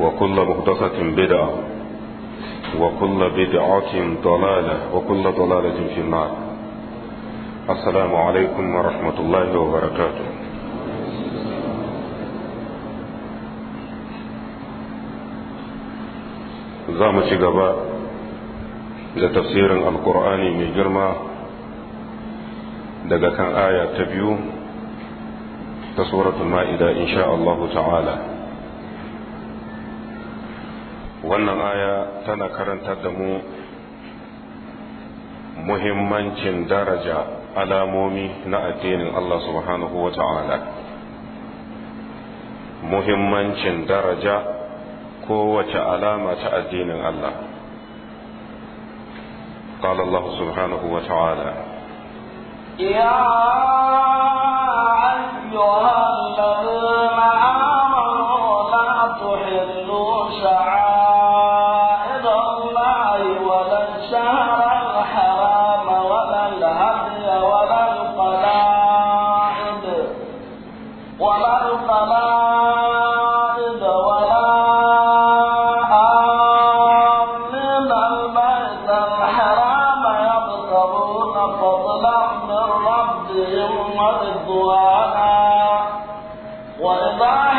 وكل مهدسة بدعة وكل بدعة ضلالة وكل ضلالة في النار السلام عليكم ورحمة الله وبركاته za mu ci gaba da tafsirin alkur'ani mai girma daga kan aya ta biyu ta suratul ma'ida insha Allah ta'ala wannan aya tana karantar da mu muhimmancin daraja alamomi na addinin Allah subhanahu wa ta'ala muhimmancin daraja kowace alama ta addinin Allah قال الله سبحانه وتعالى يا أيها الذين آمنوا وأطاع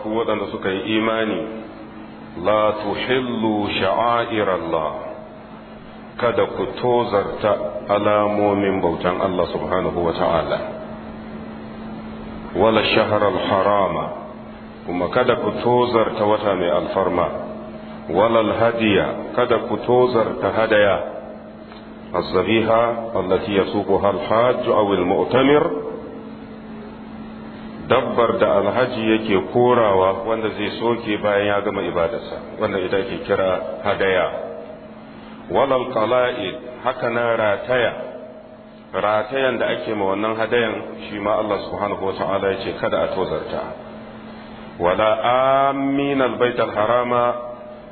ku waɗanda suka yi imani la tuhillu allah kada ku tozarta alamomin bautan Allah subhanahu wa ta'ala wala shahrar harama kuma kada ku tozarta wata mai alfarma wala hadiya kada ku tozarta hadaya الذبيحة التي يسوقها الحاج أو المؤتمر dabbar da alhaji yake korawa wanda zai soke bayan ya gama ibadarsa wanda ita ke kira hadaya walal qala'id haka na rataya ratayan da ake ma wannan hadayan shi ma Allah subhanahu wataala ta'ala yace kada a tozarta wala amin albayt harama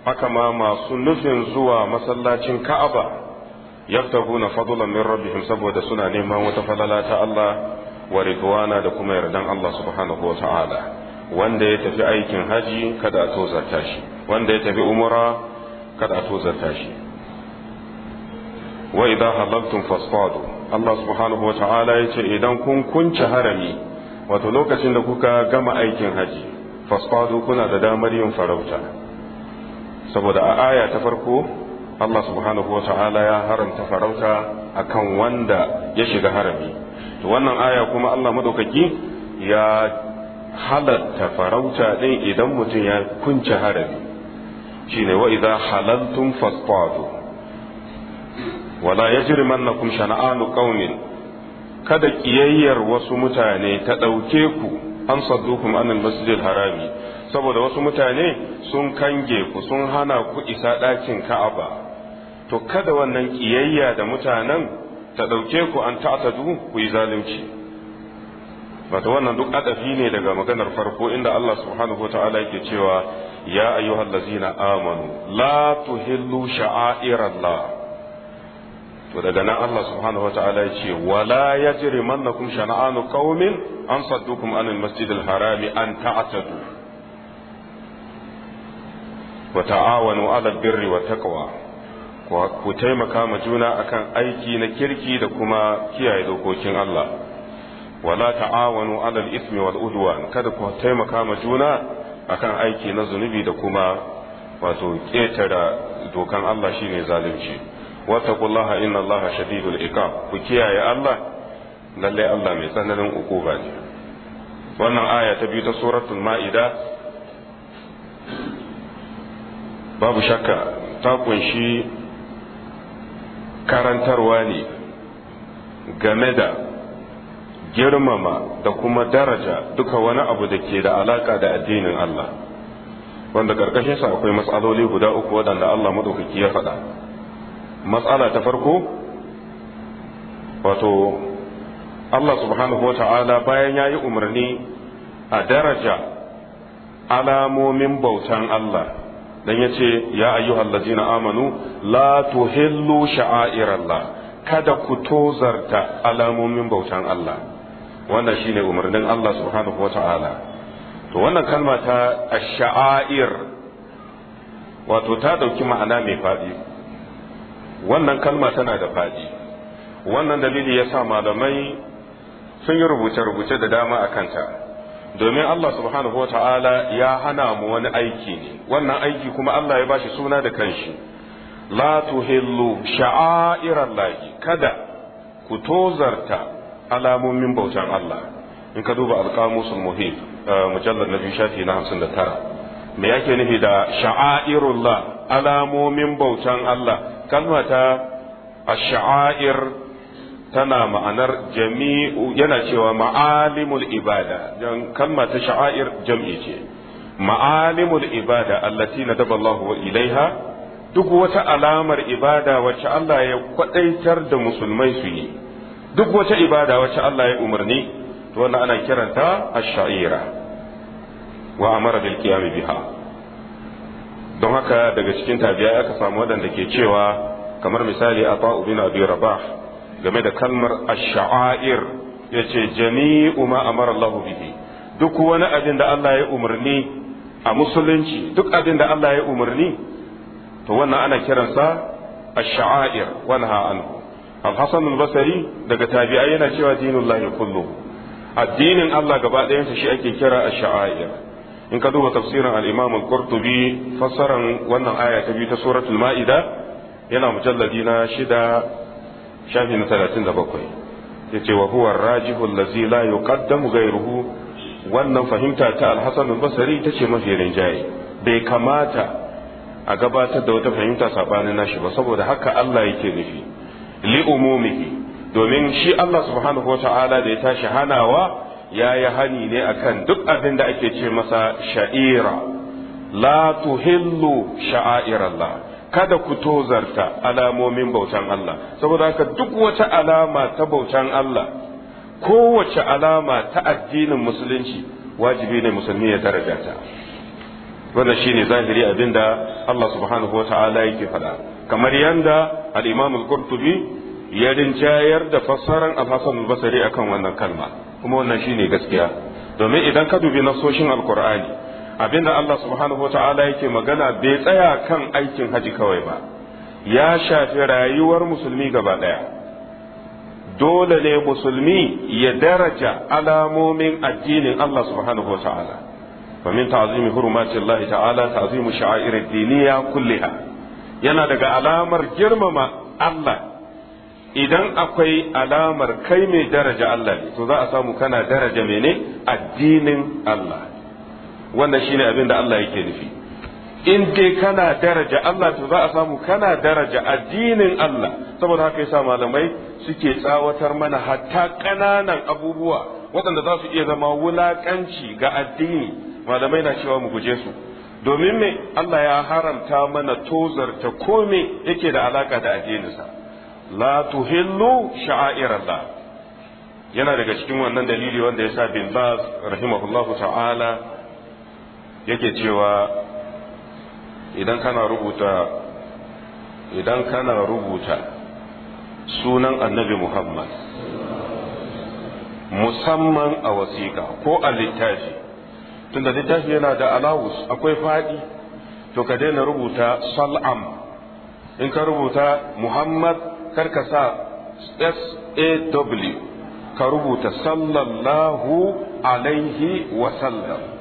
haka ma masu nufin zuwa masallacin Ka'aba yabtaguna fadlan min rabbihim saboda suna neman wata falala ta Allah wa ridwana da kuma yardan Allah subhanahu wa ta'ala wanda ya tafi aikin haji kada a tozarta shi wanda ya tafi umra kada a tozarta shi wa idza halaltum fasfadu Allah subhanahu wa ta'ala yace idan kun kunce harami wato lokacin da kuka gama aikin haji fasfadu kuna da damar yin farauta saboda a aya ta farko Allah subhanahu wa ta'ala ya haramta farauta akan wanda ya shiga harami to wannan aya kuma Allah madaukaki ya halatta farauta din idan mutum ya kunce harabi shine wa idza halaltum fasfadu wala yajrimannakum shana'anu qaumin kada ƙiyayyar wasu mutane ta ɗauke ku an saddukum anil masjidil harami saboda wasu mutane sun kange ku sun hana ku isa ɗakin ka'aba to kada wannan ƙiyayya da mutanen ta ɗauke ku an ta'tadu ku yi zalunci wato wannan duk adafi ne daga maganar farko inda Allah subhanahu wataala yake cewa ya ayyuhallazina amanu la tuhillu sha'airallah to daga nan Allah subhanahu wataala ya ce wala yajrimannakum shana'anu qaumin an saddukum anil masjidil harami an ta'tadu wa ta'awanu 'alal birri ku taimaka ma juna akan aiki na kirki da kuma kiyaye dokokin Allah wala ta'awanu alal ismi wal udwan kada ku taimaka ma juna akan aiki na zunubi da kuma wato ketara dokan Allah shine zalunci wattaqullaha inna Allaha shadidul iqab ku kiyaye Allah lalle Allah mai tsananin ukuba ne wannan aya ta biyu ta suratul ma'ida babu shakka ta kunshi karantarwa ne game da girmama da kuma daraja duka wani abu da ke da alaka da addinin Allah wanda karkashin sa akwai matsaloli guda uku waɗanda Allah madaukaki ya faɗa matsala ta farko wato Allah subhanahu wa ta'ala bayan ya yi umarni a daraja alamomin bautan Allah dan yace ya ayyuhal ladina amanu la tuhillu sha'airallah kada ku tozarta alamomin bautan Allah wannan shine umarnin Allah subhanahu wata'ala to wannan kalma ta shaair wato ta dauki ma'ana mai fadi wannan kalma tana da fadi wannan dalili yasa malamai sun yi rubuce-rubuce da dama a kanta domin Allah subhanahu wa ta'ala ya hana mu wani aiki ne wannan aiki kuma Allah ya bashi suna da kanshi la tuhillu sha'airar lahi kada ku tozarta alamomin bautan Allah in ka duba alƙamusul muhim uh, mujallar na biyu shafi na hamsin da tara me yake nufi da sha'airullah alamomin bautan Allah kalma ta a sha'air tana ma'anar jami'u yana cewa ma'alimul ibada don kalma ta sha'air jam'i ce ma'alimul ibada allati nadaba Allahu ilaiha duk wata alamar ibada wacce Allah ya kwadaitar da musulmai su yi duk wata ibada wacce Allah ya umarni to wannan ana kiranta ash-sha'ira wa amara bil qiyam biha don haka daga cikin tabiya aka samu wadanda ke cewa kamar misali a bin abi rabah game da kalmar ash-sha'air yace jami'u ma amara Allah bihi duk wani abin da Allah ya umarni a musulunci duk abin da Allah ya umarni to wannan ana kiransa ash-sha'air wanha anhu al-Hasan al-Basri daga tabi'a yana cewa dinullahi kullum addinin Allah gaba ɗayansa shi ake kira ash-sha'air in ka duba tafsirin al-Imam al-Qurtubi fassaran wannan aya ta biyu ta suratul Ma'ida yana mujalladi na shida shafi na talatin da ya yace wa huwa rajihu lazi la yuqaddamu ghayruhu wannan fahimta ta al-hasan al ita ce mafi rinjaye bai kamata a gabatar da wata fahimta sabanin nashi ba saboda haka Allah yake nufi li umumihi domin shi Allah subhanahu wata'ala da ya tashi hanawa ya yi hani ne akan duk abin da ake ce masa sha'ira la tuhillu sha'airallah kada ku tozarta alamomin bautan Allah saboda haka duk wata alama ta bautan Allah kowace alama ta addinin musulunci wajibi ne musulmi ya daraja ta wannan shine zahiri abinda Allah subhanahu wata'ala yake faɗa kamar yanda al-Imam al-Qurtubi ya rinjayar da fassaran al-Hasan al-Basri akan wannan kalma kuma wannan shine gaskiya domin idan ka dubi nasoshin al-Qur'ani Abin da Allah subhanahu ta'ala yake magana bai tsaya kan aikin haji kawai ba ya shafi rayuwar musulmi gaba ɗaya dole ne musulmi ya daraja alamomin addinin Allah subhanahu wata'ala فمن تعظيم حرمات الله تعالى تعظيم شعائر الدينية كلها yana daga alamar girmama Allah idan akwai alamar kai mai daraja Allah ne to za a samu kana daraja mene addinin Allah wannan shine abin da Allah yake nufi in dai kana daraja Allah to za a samu kana daraja addinin Allah saboda haka yasa malamai suke tsawatar mana hatta ƙananan abubuwa waɗanda za su iya zama wulaƙanci ga addini malamai na cewa mu guje su domin me Allah ya haramta mana tozarta kome yake da alaka da addininsa la tuhillu sha'airallah yana daga cikin wannan dalili wanda yasa bin Baz rahimahullahu ta'ala yake cewa idan kana rubuta idan kana rubuta sunan annabi muhammad musamman a wasiƙa ko a littafi tunda littafi yana da alawus akwai faɗi to ka daina rubuta sal'am in ka rubuta muhammad kar ka sa saw ka rubuta sallallahu alaihi wasallam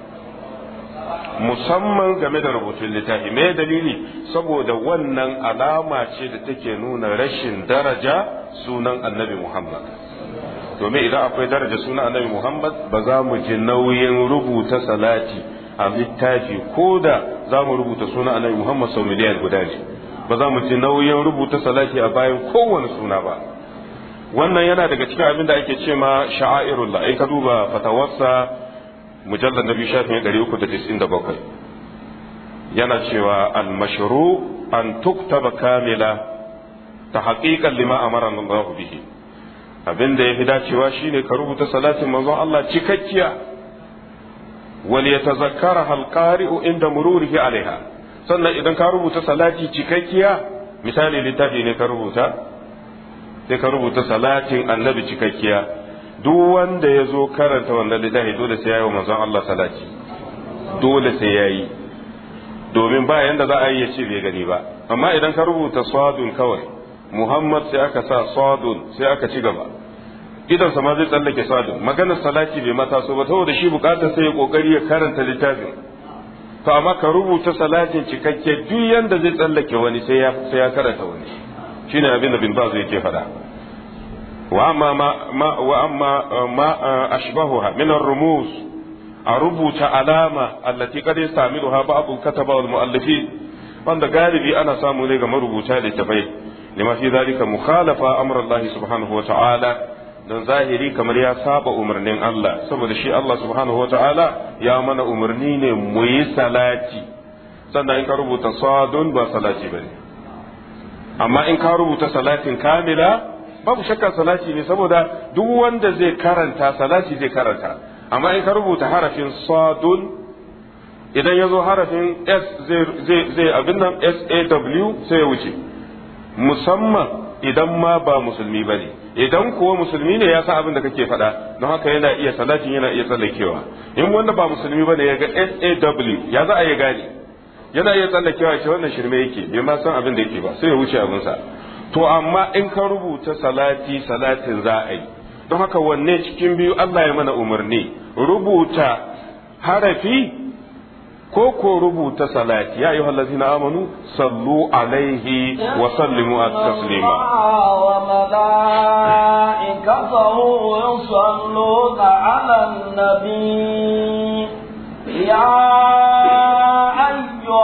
musamman game da rubutun littafi me dalili saboda wannan alama ce da take nuna rashin daraja sunan annabi muhammad domin idan akwai daraja sunan annabi muhammad ba za mu ji nauyin rubuta salati a littafi ko da za mu rubuta sunan annabi muhammad sau miliyan guda ne ba za mu ji nauyin rubuta salati a bayan kowane suna ba wannan yana daga cikin abin da ake ce ma sha'airullah ai ka duba fatawarsa mujallar na biyu shafin ɗari uku da bakwai yana cewa almashru an tuktaba kamila ta haƙiƙan lima amara Allah bihi abin da ya fi dacewa shine ka rubuta salatin manzon Allah cikakkiya wal yatazakkara halqari'u inda mururihi alaiha sannan idan ka rubuta salati cikakkiya misali littafi ne ka rubuta sai ka rubuta salatin annabi cikakkiya duk wanda ya zo karanta wannan littafi dole sai yayi wa manzon Allah salati dole sai yayi domin ba yanda za a yi ya ce bai gani ba amma idan ka rubuta sadun kawai Muhammad sai aka sa sadun sai aka ci gaba idan sama zai tsallake sadun maganar salati bai mata so ba saboda shi bukatar sai ya kokari ya karanta littafin to amma ka rubuta salatin cikakke duk yanda zai tsallake wani sai ya karanta wani shine abin da bin ba zai ke faɗa وأما ما, ما, وأما ما أشبهها من الرموز أربط علامة التي قد يستعملها بعض الكتبة والمؤلفين وأن غالبي أنا سامو لك مربوطة لتفاي لما في ذلك مخالفة أمر الله سبحانه وتعالى dan zahiri kamar ya saba umarnin Allah saboda shi Allah subhanahu wata'ala ya mana umarni ne mu yi salati sannan in ka rubuta sadun ba salati bane amma in ka rubuta salatin kamila babu shakka salati ne saboda duk wanda zai karanta salati zai karanta amma in ka rubuta harafin sadun idan ya zo harafin s zai abin nan saw sai ya wuce musamman idan ma ba musulmi ba ne idan kuwa musulmi ne ya sa abin da kake faɗa don haka yana iya salatin yana iya tsallakewa in wanda ba musulmi ba ne ya ga saw ya za a ya gane yana iya tsallakewa ce wannan shirme yake bai ma san abin da yake ba sai ya wuce abinsa to amma in ka rubuta salati salatin za a yi don haka wanne cikin biyu Allah ya mana umarni rubuta harafi ko ko rubuta salati ya ayyuhal na amanu sallu alaihi wa sallimu taslima ya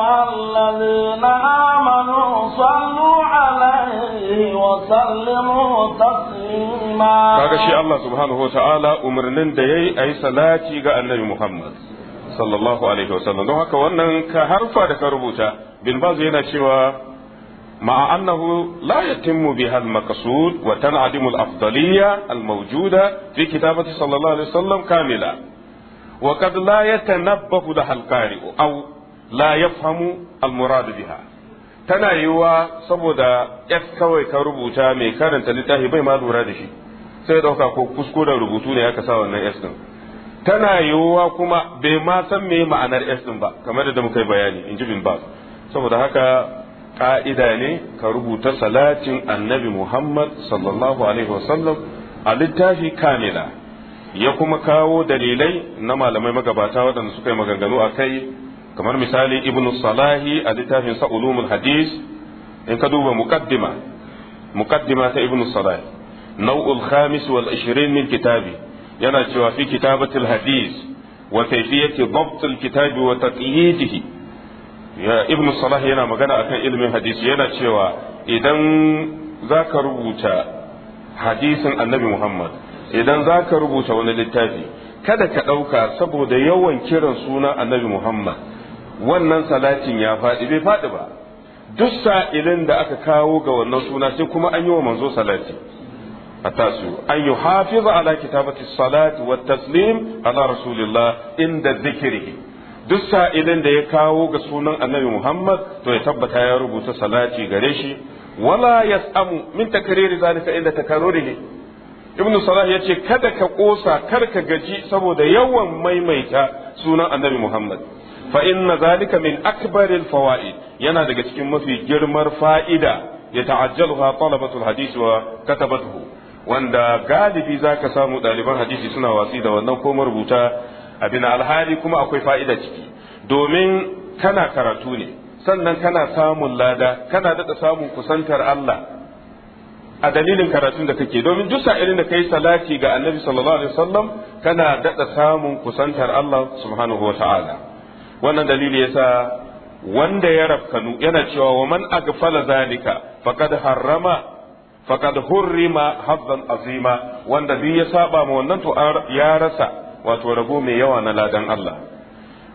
أيها الذين آمنوا صلوا عليه وسلموا تسليما kaga shi Allah subhanahu wa ta'ala umarnin da yayi ayi salati ga annabi Muhammad sallallahu alaihi wasallam don haka wannan ka harfa da ka rubuta bin yana cewa مع أنه لا يتم بها المقصود وتنعدم الأفضلية الموجودة في كتابة صلى الله عليه وسلم كاملة وقد لا يتنبه لها القارئ أو la yafhamu al-murad biha tana yiwa saboda yas kawai ka rubuta mai karanta littafi bai ma lura da shi sai dauka ko kuskure rubutu ne aka sa wannan yas din tana yiwa kuma bai ma san me ma'anar yas din ba kamar da muka yi bayani in ji bin ba saboda haka ka'ida ne ka rubuta salatin annabi muhammad sallallahu alaihi wasallam a littafi kamila ya kuma kawo dalilai na malamai magabata waɗanda suka yi maganganu a kai kamar misali Ibn salahi a littafin sa hadis in ka duba muqaddima muqaddima ta Ibn salahi nau'ul khamis wal ashirin min kitabi yana cewa fi kitabatul hadis wa kayfiyati dabt kitabi wa taqyidihi ya Ibn salahi yana magana akan ilmin Hadis, yana cewa idan zaka rubuta hadisin annabi muhammad idan zaka rubuta wani littafi kada ka ɗauka saboda yawan kiran suna annabi Muhammad wannan salatin ya faɗi bai faɗi ba duk sa'ilin da aka kawo ga wannan suna sai kuma an yi wa manzo salati a tasu an yi hafiza ala kitabati salati wa taslim ala rasulillah inda zikiri duk sa'ilin da ya kawo ga sunan annabi muhammad to ya tabbata ya rubuta salati gare shi wala yas'amu min takriri zalika inda takarrurihi ibnu salah yace kada ka kosa kar ka gaji saboda yawan maimaita sunan annabi muhammad fa inna zalika min akbaril fawaid yana daga cikin mafi girmar fa'ida ya ta'ajjaluha talabatul hadisi wa katabatuhu wanda galibi zaka samu ɗaliban hadisi suna watsi da wannan ko marubuta abin alhali kuma akwai fa'ida ciki domin kana karatu ne sannan kana samun lada kana daɗa samun kusantar Allah a dalilin karatun da kake domin duk sairin da kai salati ga annabi sallallahu alaihi wasallam kana daɗa samun kusantar Allah subhanahu wa ta'ala wannan dalili yasa wanda ya rafkanu yana cewa wa man aghfala zalika faqad harrama faqad hurrima hazzan azima wanda duk ya saba ma wannan to ya rasa wato rabo mai yawa na ladan Allah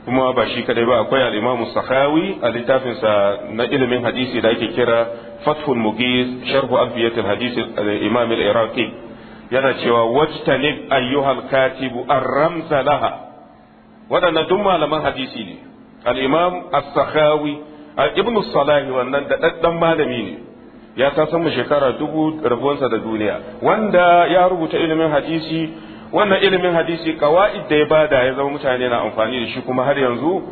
kuma ba shi kadai ba akwai al-Imam Sakhawi a littafin sa na ilimin hadisi da ake kira Fathul Mughis Sharh Abdiyat al-Hadith al-Imam al-Iraqi yana cewa wajtanib ayyuhal katibu ar-ramza laha waɗannan duk malaman hadisi ne al-imam as-sakhawi ibn salah wannan da daddan malami ne ya ta samu shekara dubu rabuwansa da duniya wanda ya rubuta ilimin hadisi wannan ilimin hadisi kawa'id da ya bada ya zama mutane na amfani da shi kuma har yanzu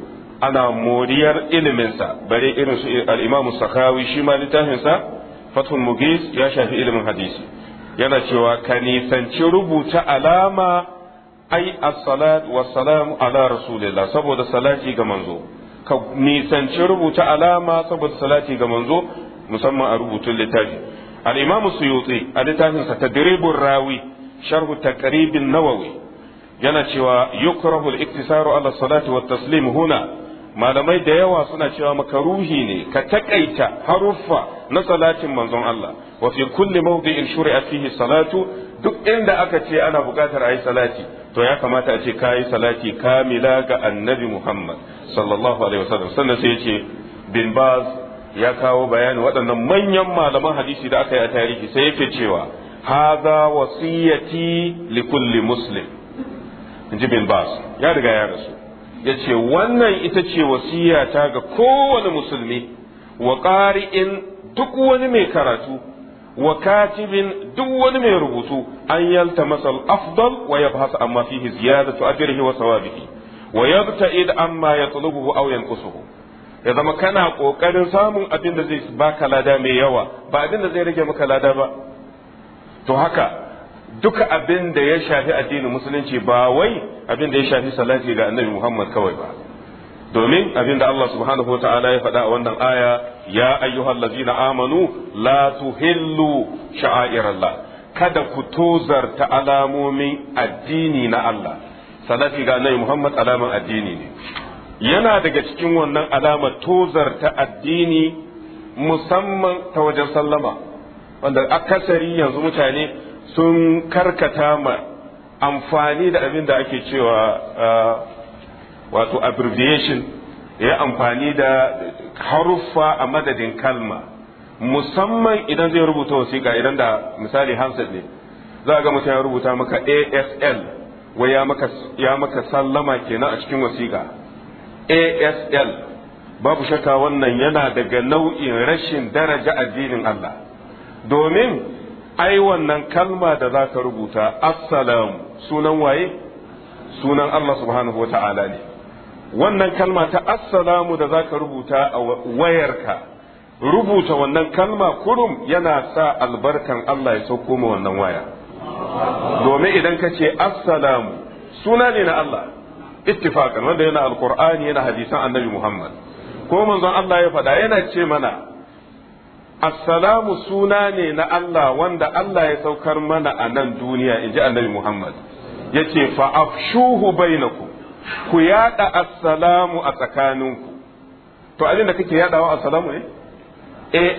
ana moriyar iliminsa bare irin su al sakawi shi ma littafinsa fathul mugis ya shafi ilimin hadisi yana cewa ka nisanci rubuta alama ai as-salat wa salam ala rasulillah saboda salati ga manzo ka nisanci rubuta alama saboda salati ga manzo musamman a rubutun littafi al-imam suyuti a littafin sa tadribur rawi sharh taqribin nawawi yana cewa yukrahu al-iktisaru ala salati wa taslim huna malamai da yawa suna cewa makaruhi ne ka takaita haruffa na salatin manzon Allah wa fi kulli mawdi'in shuri'a fihi salatu duk inda aka ce ana buƙatar ayi salati to ya kamata a ce kayi salati kamila ga annabi Muhammad sallallahu alaihi wasallam sannan sai ya ce bin baz ya kawo bayani waɗannan manyan malaman hadisi da aka yi a tarihi sai yake cewa haza wasiyati li kulli muslim inji bin baz ya riga ya rasu ya ce wannan ita ce wasiyata ga kowane musulmi wa ƙari'in duk wani mai karatu wa katibin duk wani mai rubutu an yalta masa afdal wa yabhasa amma fihi ziyadatu ajrihi wa sawabihi wa yabta'id amma yatlubuhu aw yanqusuhu ya zama kana kokarin samun abin da zai baka lada mai yawa ba abin da zai rage maka lada ba to haka duka abin da ya shafi addinin musulunci ba wai abin da ya shafi salati ga annabi Muhammad kawai ba domin abin da Allah subhanahu wa ta'ala ya faɗa a wannan aya ya ayyuhal ladzina amanu la tuhillu sha'airallah kada ku ta alamomin addini na Allah salati ga annabi Muhammad alaman addini ne yana daga cikin wannan alamar ta addini musamman ta wajen sallama wanda akasari yanzu mutane sun karkata ma amfani da abin da ake cewa wato abbreviation ya amfani da haruffa a madadin kalma musamman idan zai rubuta wasiƙa idan da misali handset ne za a ga mutum ya rubuta maka asl wai ya maka sallama kenan a cikin wasiƙa asl babu shakka wannan yana daga nau'in rashin daraja addinin Allah domin ai wannan kalma da za ka rubuta assalam sunan waye sunan Allah subhanahu wa ta'ala ne wannan kalma ta assalamu da zaka rubuta a wayarka rubuta wannan kalma kurum yana sa albarkan Allah ya sauko ma wannan waya domin idan ka ce assalamu suna ne na Allah ittifaqan wanda yana alqur'ani yana hadisan annabi Muhammad ko manzon Allah ya faɗa yana ce mana assalamu suna ne na Allah wanda Allah ya saukar mana a nan duniya inji annabi Muhammad ya ce afshuhu bainakum ku yada assalamu a tsakaninku to abin da kake yadawa assalamu ne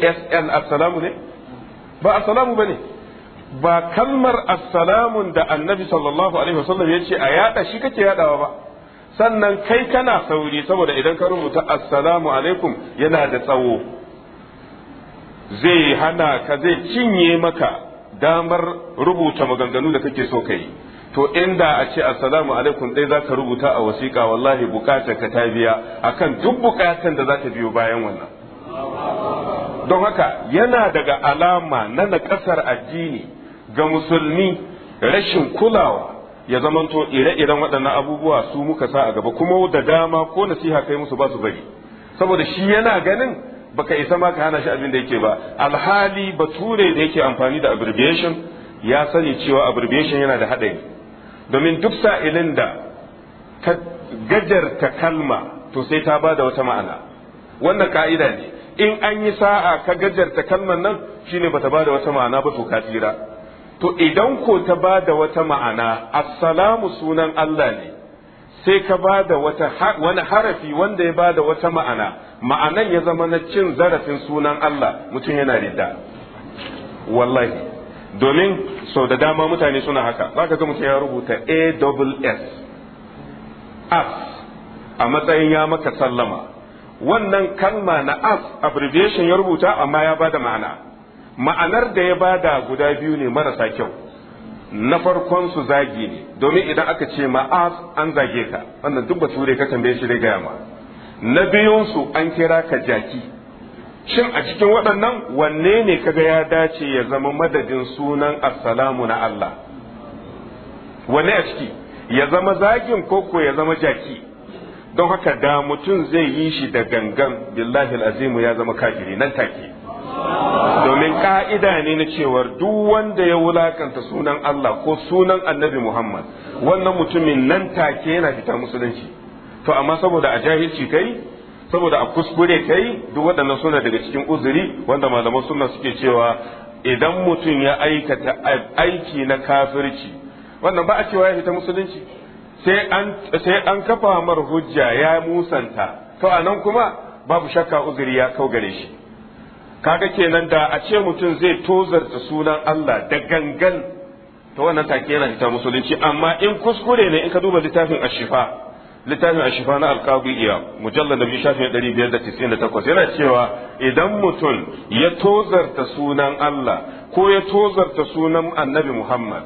asl assalamu ne ba assalamu bane ba kalmar assalamun da annabi sallallahu alaihi wasallam ya ce a yada shi kake yadawa ba sannan kai kana sauri saboda idan ka rubuta assalamu alaikum yana da tsawo zai hana ka zai cinye maka damar rubuta maganganu da kake so ka yi to inda a ce assalamu alaikum dai zaka rubuta a wasiƙa wallahi bukatar ka ta biya akan duk bukatan da zaka biyo bayan wannan don haka yana daga alama na naƙasar addini ga musulmi rashin kulawa ya zamanto ire-iren waɗannan abubuwa su muka sa a gaba kuma da dama ko nasiha kai musu ba su bari saboda shi yana ganin baka isa ma ka hana shi abin da yake ba alhali bature da yake amfani da abbreviation ya sani cewa abbreviation yana da haɗari domin duk sa'ilin da ka gajarta kalma to sai ta ba da wata ma'ana wannan ka'ida ne in an yi sa'a ka gajarta kalman nan shine bata ba da wata ma'ana ba to ka to idan ko ta ba da wata ma'ana assalamu sunan Allah ne sai ka ba da wani harafi wanda ya ba da wata ma'ana ma'anan ya zama na cin zarafin sunan Allah mutum yana rida wallahi domin sau da dama mutane suna haka za ka ga mutum ya rubuta AWS as a matsayin ya maka sallama wannan kalma na as abbreviation ya rubuta amma ya bada ma'ana ma'anar da ya bada guda biyu ne marasa kyau na farkon su zagi ne domin idan aka ce ma as an zage ka wannan duk bature ka tambaye shi dai gaya ma na biyun su an kira ka jaki shin a cikin waɗannan wanne ne kaga ya dace ya zama madadin sunan assalamu na Allah wanne a ciki ya zama zagin koko ya zama jaki don haka da mutum zai yi shi da gangan billahi azimu ya zama kafiri nan take domin ka'ida ne na cewar duk wanda ya wulakanta sunan Allah ko sunan annabi Muhammad wannan mutumin nan take yana fita musulunci to amma saboda a jahilci kai saboda a kuskure kai duk waɗannan suna daga cikin uzuri wanda malaman suna suke cewa idan mutum ya aikata aiki na kafirci wannan ba a cewa ya fita musulunci sai an kafa mar hujja ya musanta to a nan kuma babu shakka uzuri ya kau gare shi kaga kenan da a ce mutum zai tozarta sunan Allah da gangan To wannan take yana fita musulunci amma in kuskure ne in ka duba littafin ashifa littafin ashifa na alkawiya mujallar da biyu shafin ɗari biyar da tisin da takwas yana cewa idan mutum ya tozarta sunan Allah ko ya tozarta sunan annabi Muhammad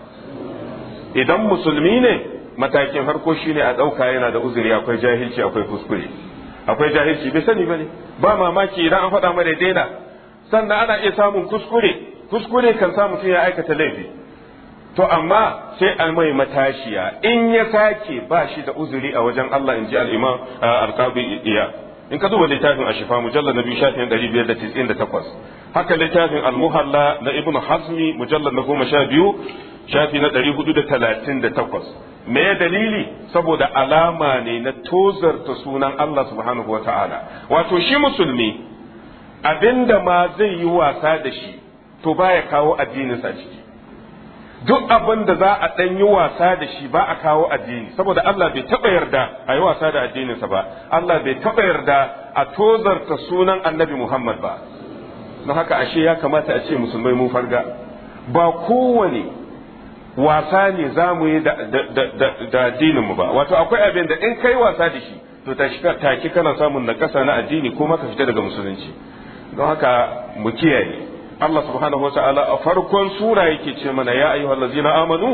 idan musulmi ne matakin harko shine a ɗauka yana da uzuri akwai jahilci akwai kuskure akwai jahilci bai sani ba ba mamaki idan an faɗa mara daina sannan ana iya samun kuskure kuskure kan sa mutum ya aikata laifi to amma sai almai matashiya in ya sake ba shi da uzuri a wajen Allah in ji al'imam alqabi iya in ka duba littafin ashifa mujallal na biyu shafin ɗari biyar da tis'in da takwas haka littafin almuhalla na ibnu hazmi mujallal na goma sha biyu shafi na ɗari hudu da talatin da takwas me dalili saboda alama ne na tozarta sunan Allah subhanahu wa ta'ala wato shi musulmi abinda ma zai yi wasa da shi to baya kawo addininsa ciki duk abin da za a ɗan yi wasa da shi ba a kawo addini saboda Allah bai taɓa yarda a yi wasa da addininsa ba Allah bai taɓa yarda a tozarta sunan annabi Muhammad ba don haka ashe ya kamata a ce musulmai mun farga ba kowane wasa ne za mu yi da addininmu ba wato akwai abin da in kai wasa da shi to taki kana samun nakasa na addini ko maka fita daga musulunci don haka mu kiyaye Allah subhanahu wata'ala a farkon sura yake ce mana ya ayyuhal ladzina amanu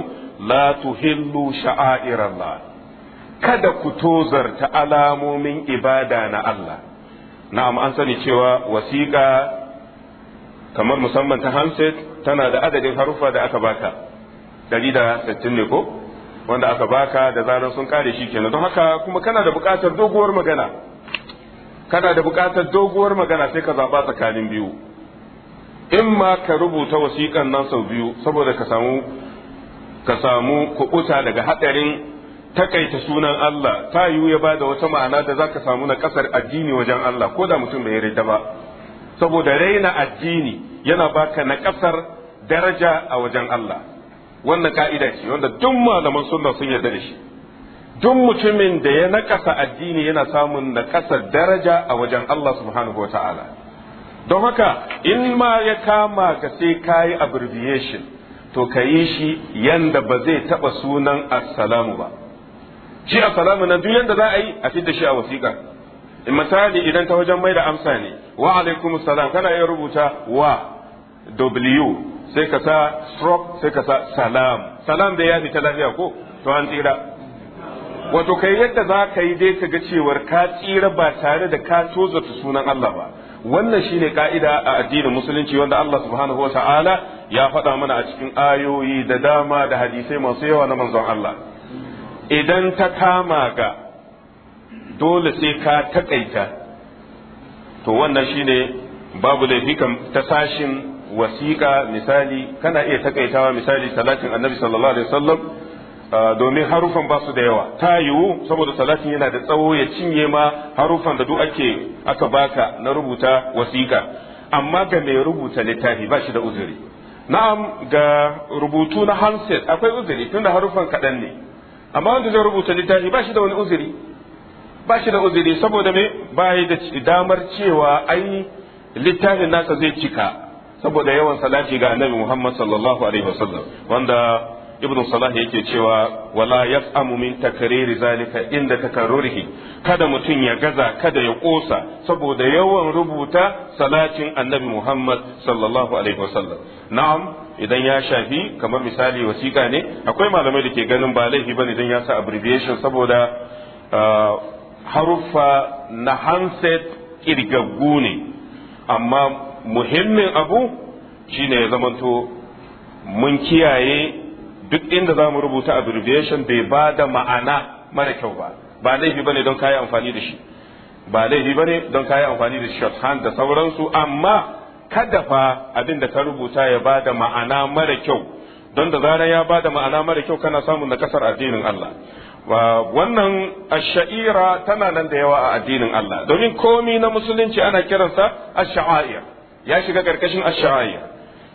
la tuhillu sha'airallah kada ku tozarta alamomin ibada na Allah na'am an sani cewa wasiƙa kamar musamman ta handset tana da adadin haruffa da aka baka dari da sittin ne ko wanda aka baka da zaran sun kare shi kenan don haka kuma kana da buƙatar doguwar magana kana da buƙatar doguwar magana sai ka zaɓa tsakanin biyu in ma ka rubuta wasiƙan nan sau biyu saboda ka samu ka samu kuɓuta daga haɗarin takaita sunan Allah ta yiwu ya bada wata ma'ana da za ka samu na ƙasar addini wajen Allah ko da mutum bai yarda ba saboda raina addini yana baka na ƙasar daraja a wajen Allah wannan ka'ida ce wanda duk malaman sunna sun yarda da shi duk mutumin da ya naƙasa addini yana samun na ƙasar daraja a wajen Allah subhanahu wa ta'ala don haka in ma ya kama ka sai ka yi abbreviation to ka yi shi yanda ba zai taɓa sunan assalamu ba shi assalamu nan duk yanda za a yi a fi da shi a wasiƙa misali idan ta wajen mai da amsa ne wa alaikum salam kana iya rubuta wa w sai ka sa stroke sai ka sa salam salam da ya ta lafiya ko to an tsira wato kai yadda za ka yi dai ka ga cewar ka tsira ba tare da ka tozarta sunan Allah ba wannan shine ka'ida a addinin musulunci wanda Allah subhanahu wa ta'ala ya faɗa mana a cikin ayoyi da dama da hadisai masu yawa na manzon Allah idan ta kama ga dole sai ka taƙaita to wannan shine babu laifikan ta sashin wasiƙa misali kana iya taƙaitawa misali talatin annabi sallallahu alaihi wasallam Ah, domin harufan ba su da yawa ta yiwu saboda salatin yana da tsawo ya cinye ma harufan da duk ake aka baka na rubuta wasiƙa amma ga mai rubuta littafi ba shi da uzuri na'am ga rubutu na handset akwai uzuri da harufan kaɗan ne amma wanda zai rubuta littafi ba shi da wani uzuri ba shi da uzuri saboda me ba da damar cewa ai littafin nasa zai cika saboda yawan salati ga annabi Muhammad sallallahu alaihi wasallam wanda ibnu salah yake cewa wala yas'amu min takriri zalika inda takarrurihi kada mutum ya gaza kada ya kosa saboda yawan rubuta salatin annabi muhammad sallallahu alaihi wasallam na'am idan ya shafi kamar misali wasiƙa ne akwai malamai da ke ganin ba laifi bane idan ya sa abbreviation saboda uh, haruffa na hanset kirgaggu ne amma muhimmin abu shine ya zamanto mun kiyaye duk inda za mu rubuta abbreviation bai ba da ma'ana mara kyau ba ba laifi bane don kayi amfani da shi ba laifi bane don kayi amfani da shorthand da sauransu amma kada fa abin da ka rubuta ya ba da ma'ana mara kyau don da zarar ya ba da ma'ana mara kyau kana samun na kasar addinin Allah wannan sha'ira tana nan da yawa a addinin Allah domin komi na musulunci ana kiransa asha'ir ya shiga karkashin asha'ir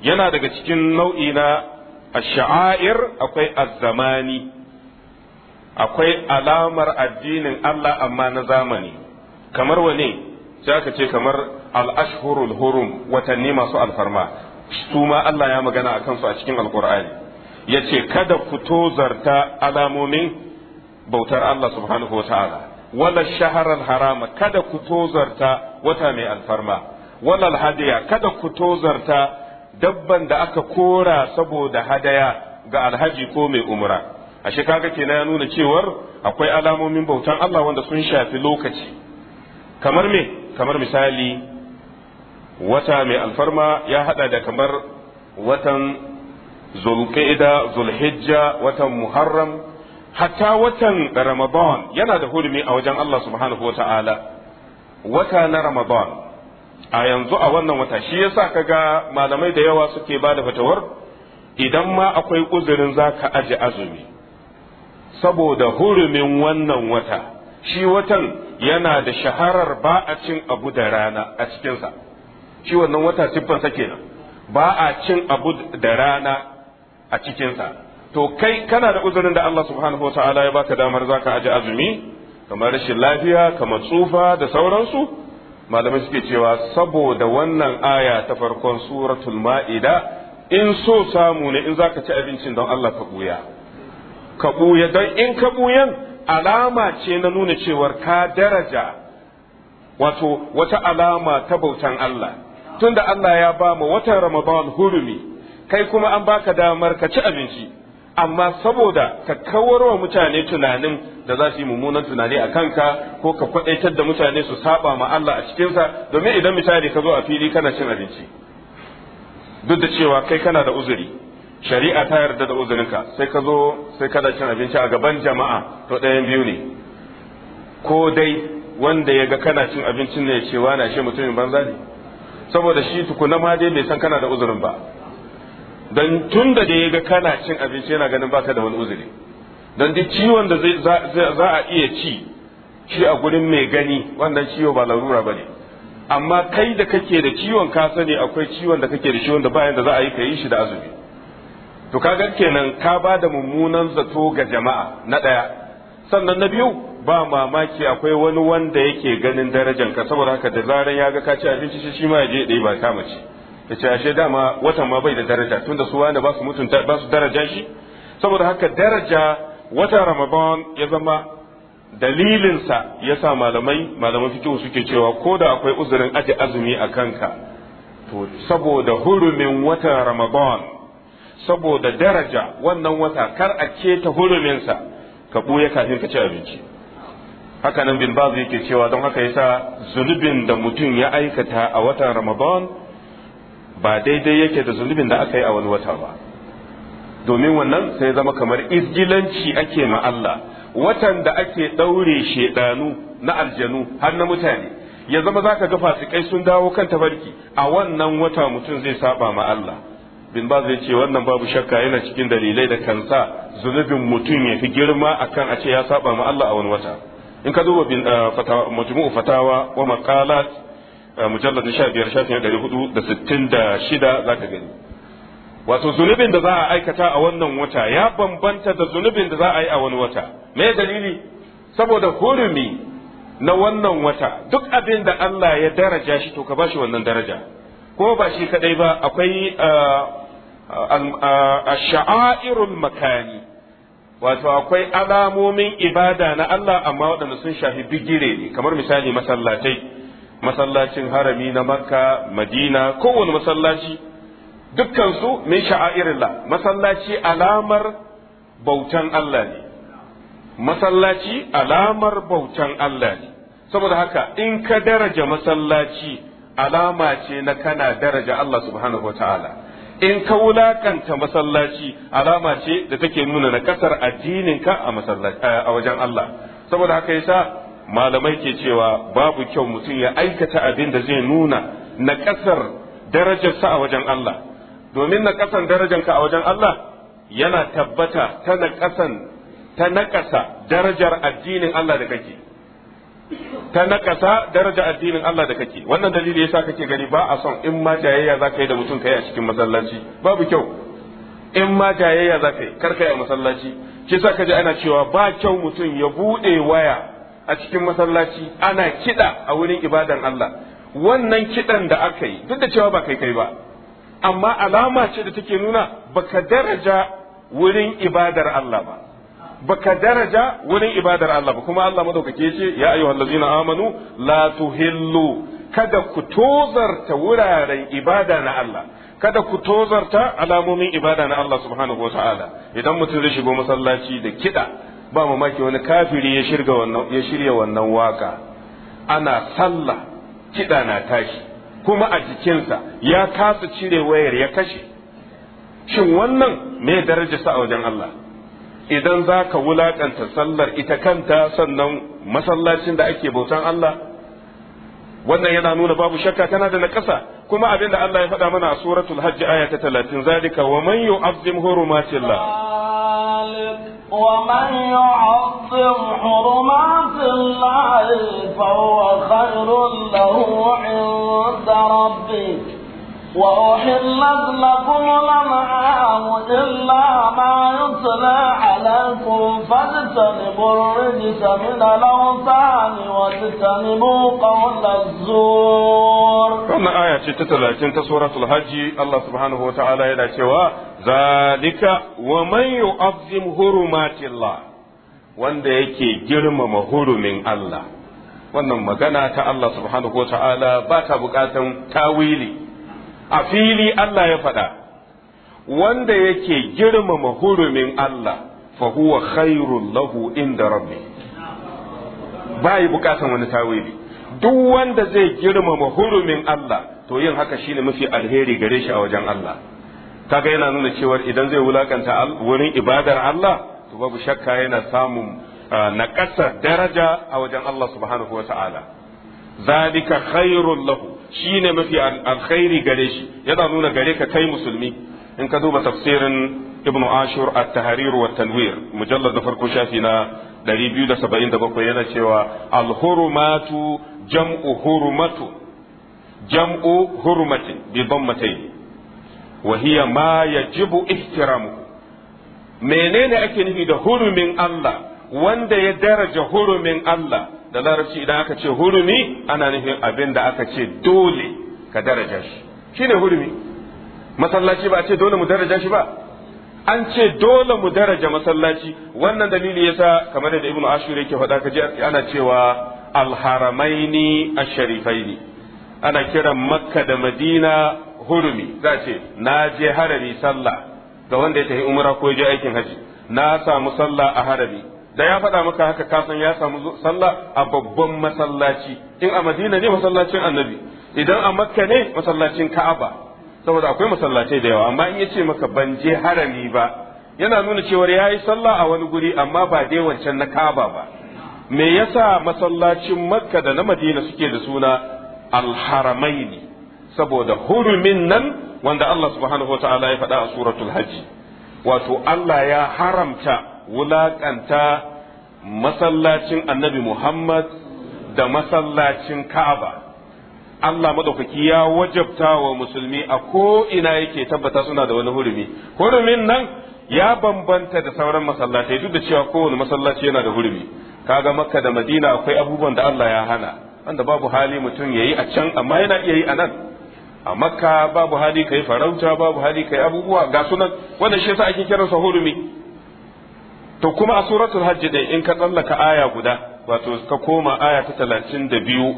yana daga cikin nau'i na ash-sha'air akwai az-zamani akwai alamar addinin Allah amma na zamani kamar wane sai aka ce kamar al-ashhurul hurum watanni masu alfarma su ma Allah ya magana a kansu a cikin alkur'ani ya ce kada ku tozarta alamomin bautar Allah subhanahu wa wala shaharar harama kada ku tozarta wata mai alfarma wala hadiya kada ku tozarta dabban da aka kora saboda hadaya ga alhaji ko mai umra ashe kaga kenan ya nuna cewar akwai alamomin bautan Allah wanda sun shafi lokaci kamar me kamar misali wata mai alfarma ya hada da kamar watan zulqa'ida zulhijja watan muharram hatta watan ramadan yana da hurumi a wajen Allah subhanahu wataala wata na ramadan a yanzu a wannan wata shi yasa ga malamai da yawa suke bada da fatawar idan ma akwai uzurin za ka aji azumi saboda hurumin wannan wata shi watan yana da shaharar ba a cin abu da rana a cikinsa shi wannan wata siffansa kenan ba a cin abu da rana a cikinsa to kai kana da uzurin da Allah subhanahu wa ta'ala ya baka damar za ka aji azumi kamar rashin lafiya kamar tsufa da sauransu malamai suke cewa saboda wannan aya ta farkon suratul ma'ida in so samu ne in zaka ci abincin don Allah ka buya ka buya don in ka buyan alama ce na nuna cewar ka daraja wato wata alama ta bautan Allah tunda Allah ya ba mu watan Ramadan hurumi kai kuma an baka damar ka ci abinci amma saboda ka kawar wa mutane tunanin da za su yi mummunan tunani a kanka ko ka kwadaitar da mutane su saba ma Allah a cikinsa domin idan misali ka zo a fili kana cin abinci duk da cewa kai kana da uzuri shari'a ta yarda da uzurinka sai ka zo sai kana cin abinci a gaban jama'a to ɗayan biyu ne ko dai wanda ya ga kana cin abincin ne ya ce na shi mutumin banza ne saboda shi tukuna ma dai bai san kana da uzurin ba dan tun da da ya ga kana cin abinci yana ganin baka da wani uzuri dan duk ciwon da za a iya ci shi a gurin mai gani wannan ciwo ba larura ba ne amma kai da kake da ciwon ka sani akwai ciwon da kake da ciwon da bayan da za a yi ka yi shi da azumi to ga kenan ka ba da mummunan zato ga jama'a na ɗaya sannan na biyu ba mamaki akwai wani wanda yake ganin ka saboda haka da zaran ya ga ka ci abinci shi ma ya je ɗaya ba kama ci da ce ashe dama watan ma bai da daraja tunda su wani ba su mutunta ba su daraja shi saboda haka daraja wata ramadan ya zama dalilinsa ya sa malamai malaman fikihu suke cewa ko da akwai uzurin aji azumi a kanka to saboda hurumin wata ramadan saboda daraja wannan wata kar a keta huruminsa ka buya kafin ka ci abinci haka nan bin bazu yake cewa don haka yasa zunubin da mutum ya aikata a watan ramadan ba daidai yake da zunubin da aka yi a wani wata ba domin wannan sai zama kamar izgilanci ake ma Allah watan da ake ɗaure shedanu na aljanu har na mutane ya zama za ka ga kai sun dawo kan tafarki a wannan wata mutum zai saba ma Allah bin ba zai ce wannan babu shakka yana cikin dalilai da kan sa zunubin mutum ya fi girma akan a ce ya saba ma Allah a wani wata in ka duba bin uh, fatawa majmu'u fatawa wa maqalat Eh, mujallar sha biyar shafin ɗari hudu da sittin da shida za ka gani wato zunubin da za a aikata a wannan wata ya bambanta da zunubin da za a yi a wani wata me dalili saboda hurumi na wannan wata duk abin da Allah ya daraja shi to ka bashi wannan daraja Ko ba shi kadai ba akwai eh, eh, sha'airul makani wato akwai alamomin ibada na Allah amma waɗanda sun shafi bigire ne kamar misali masallatai masallacin harami na makka madina kowane masallaci dukkansu min sha'airillah masallaci alamar bautan Allah ne masallaci alamar bautan Allah ne saboda haka in ka daraja masallaci alama ce na kana daraja Allah subhanahu wataala in ka wulakanta masallaci alama ce da take nuna na kasar addininka a wajen Allah saboda haka yasa malamai ke cewa babu kyau mutum ya aikata abin da zai nuna na ƙasar darajarsa a wajen Allah domin na ƙasan darajarka a wajen Allah yana tabbata ta na ƙasan ta naƙasa darajar addinin Allah da kake ta naƙasa darajar addinin Allah da kake wannan dalili yasa kake gani ba a son in ma jayayya za ka yi da mutum kai a cikin masallaci babu kyau in ma jayayya za ka yi kar kai a masallaci kisa ka ji ana cewa ba kyau mutum ya buɗe waya a cikin masallaci ana kiɗa a wurin ibadan Allah wannan kiɗan da aka yi duk da cewa ba kai kai ba amma alama ce da take nuna baka daraja wurin ibadar Allah ba baka daraja wurin ibadar Allah ba kuma Allah madaukake ce ya ayyuhal ladzina amanu la tuhillu kada ku tozarta wuraren ibada na Allah kada ku tozarta alamomin ibada na Allah subhanahu wataala idan mutum zai shigo masallaci da kiɗa. ba mamaki wani kafiri ya shirya wannan waka ana sallah kiɗa na tashi kuma a jikinsa ya kasa cire wayar ya kashe shin wannan me darajarsa a wajen Allah idan za ka wulaƙanta sallar ita kanta sannan masallacin da ake bautan Allah wannan yana nuna babu shakka tana da naƙasa kuma abin da Allah ya faɗa mana a suratul hajji aya ta talatin zalika wa man yu'azzim hurumatillah ومن يعظم حرمات الله فهو خير له عند ربي وأحلت لكم الأنعام إلا ما يتلى عليكم فاجتنبوا الرجس من الأوثان واجتنبوا قول الزور. كان آية 30 سورة الهجي الله سبحانه وتعالى إلى سواه zalika wa man yu'azzim hurumatillah wanda yake girmama hurumin Allah wannan magana ta Allah subhanahu wa ta'ala ba ta bukatan tawili a fili Allah ya faɗa wanda yake girmama hurumin Allah fa huwa khairul lahu inda rabbi bai bukatan wani tawili duk wanda zai girmama hurumin Allah to yin haka shine mafi alheri gare shi a wajen Allah kaga yana nuna cewa idan zai wulakanta wurin ibadar Allah to babu shakka yana samun ah, naƙasar daraja a wajen Allah subhanahu wata'ala zalika khairul lahu shine mafi alkhairi gare shi yana nuna gare ka kai musulmi in ka duba tafsirin ابن عاشور التحرير والتنوير مجلد فرق شافنا دريبيو ده سبعين ده بقى يلا شوا jam'u جمع Jam'u جمع حرمة بضمتين wa hiya ma yajibu menene ake nufi da hurumin Allah wanda ya daraja hurumin Allah da larabci idan aka ce hurumi ana nufin abin da aka ce dole ka daraja shi shine hurumi masallaci ba a ce dole mu daraja shi ba an ce dole mu daraja masallaci wannan dalili yasa kamar da ibnu ashur yake faɗa kaji ana cewa alharamaini ash-sharifaini ana kiran makka da madina hurumi za ce na je harami sallah ga wanda ya tafi umra ko je aikin haji na samu sallah a harami da ya faɗa maka haka ka san ya samu sallah a babban masallaci in a Madina ne masallacin Annabi idan a Makka ne masallacin Ka'aba saboda akwai masallacai da yawa amma in ya ce maka ban je harami ba yana nuna cewa ya yi sallah a wani guri amma ba dai wancan na Ka'aba ba me yasa masallacin Makka da na Madina suke da suna ne. saboda hurumin nan wanda Allah subhanahu wa ta'ala ya faɗa a suratul hajji wato Allah ya haramta wulaƙanta masallacin annabi Muhammad da masallacin Ka'aba Allah madaukaki ya wajabta wa musulmi a ko ina yake tabbata suna da wani hurumi hurumin nan ya bambanta da sauran masallatai duk da cewa kowane masallaci yana da hurumi kaga makka da madina akwai abubuwan da Allah ya hana wanda babu hali mutum yayi a can amma yana iya yi a nan a makka babu hali kai farauta babu hali kai abubuwa ga sunan wannan shi yasa ake kiran sa hurumi to kuma a suratul hajj dai in ka tsallaka aya guda wato ka koma aya ta talatin da biyu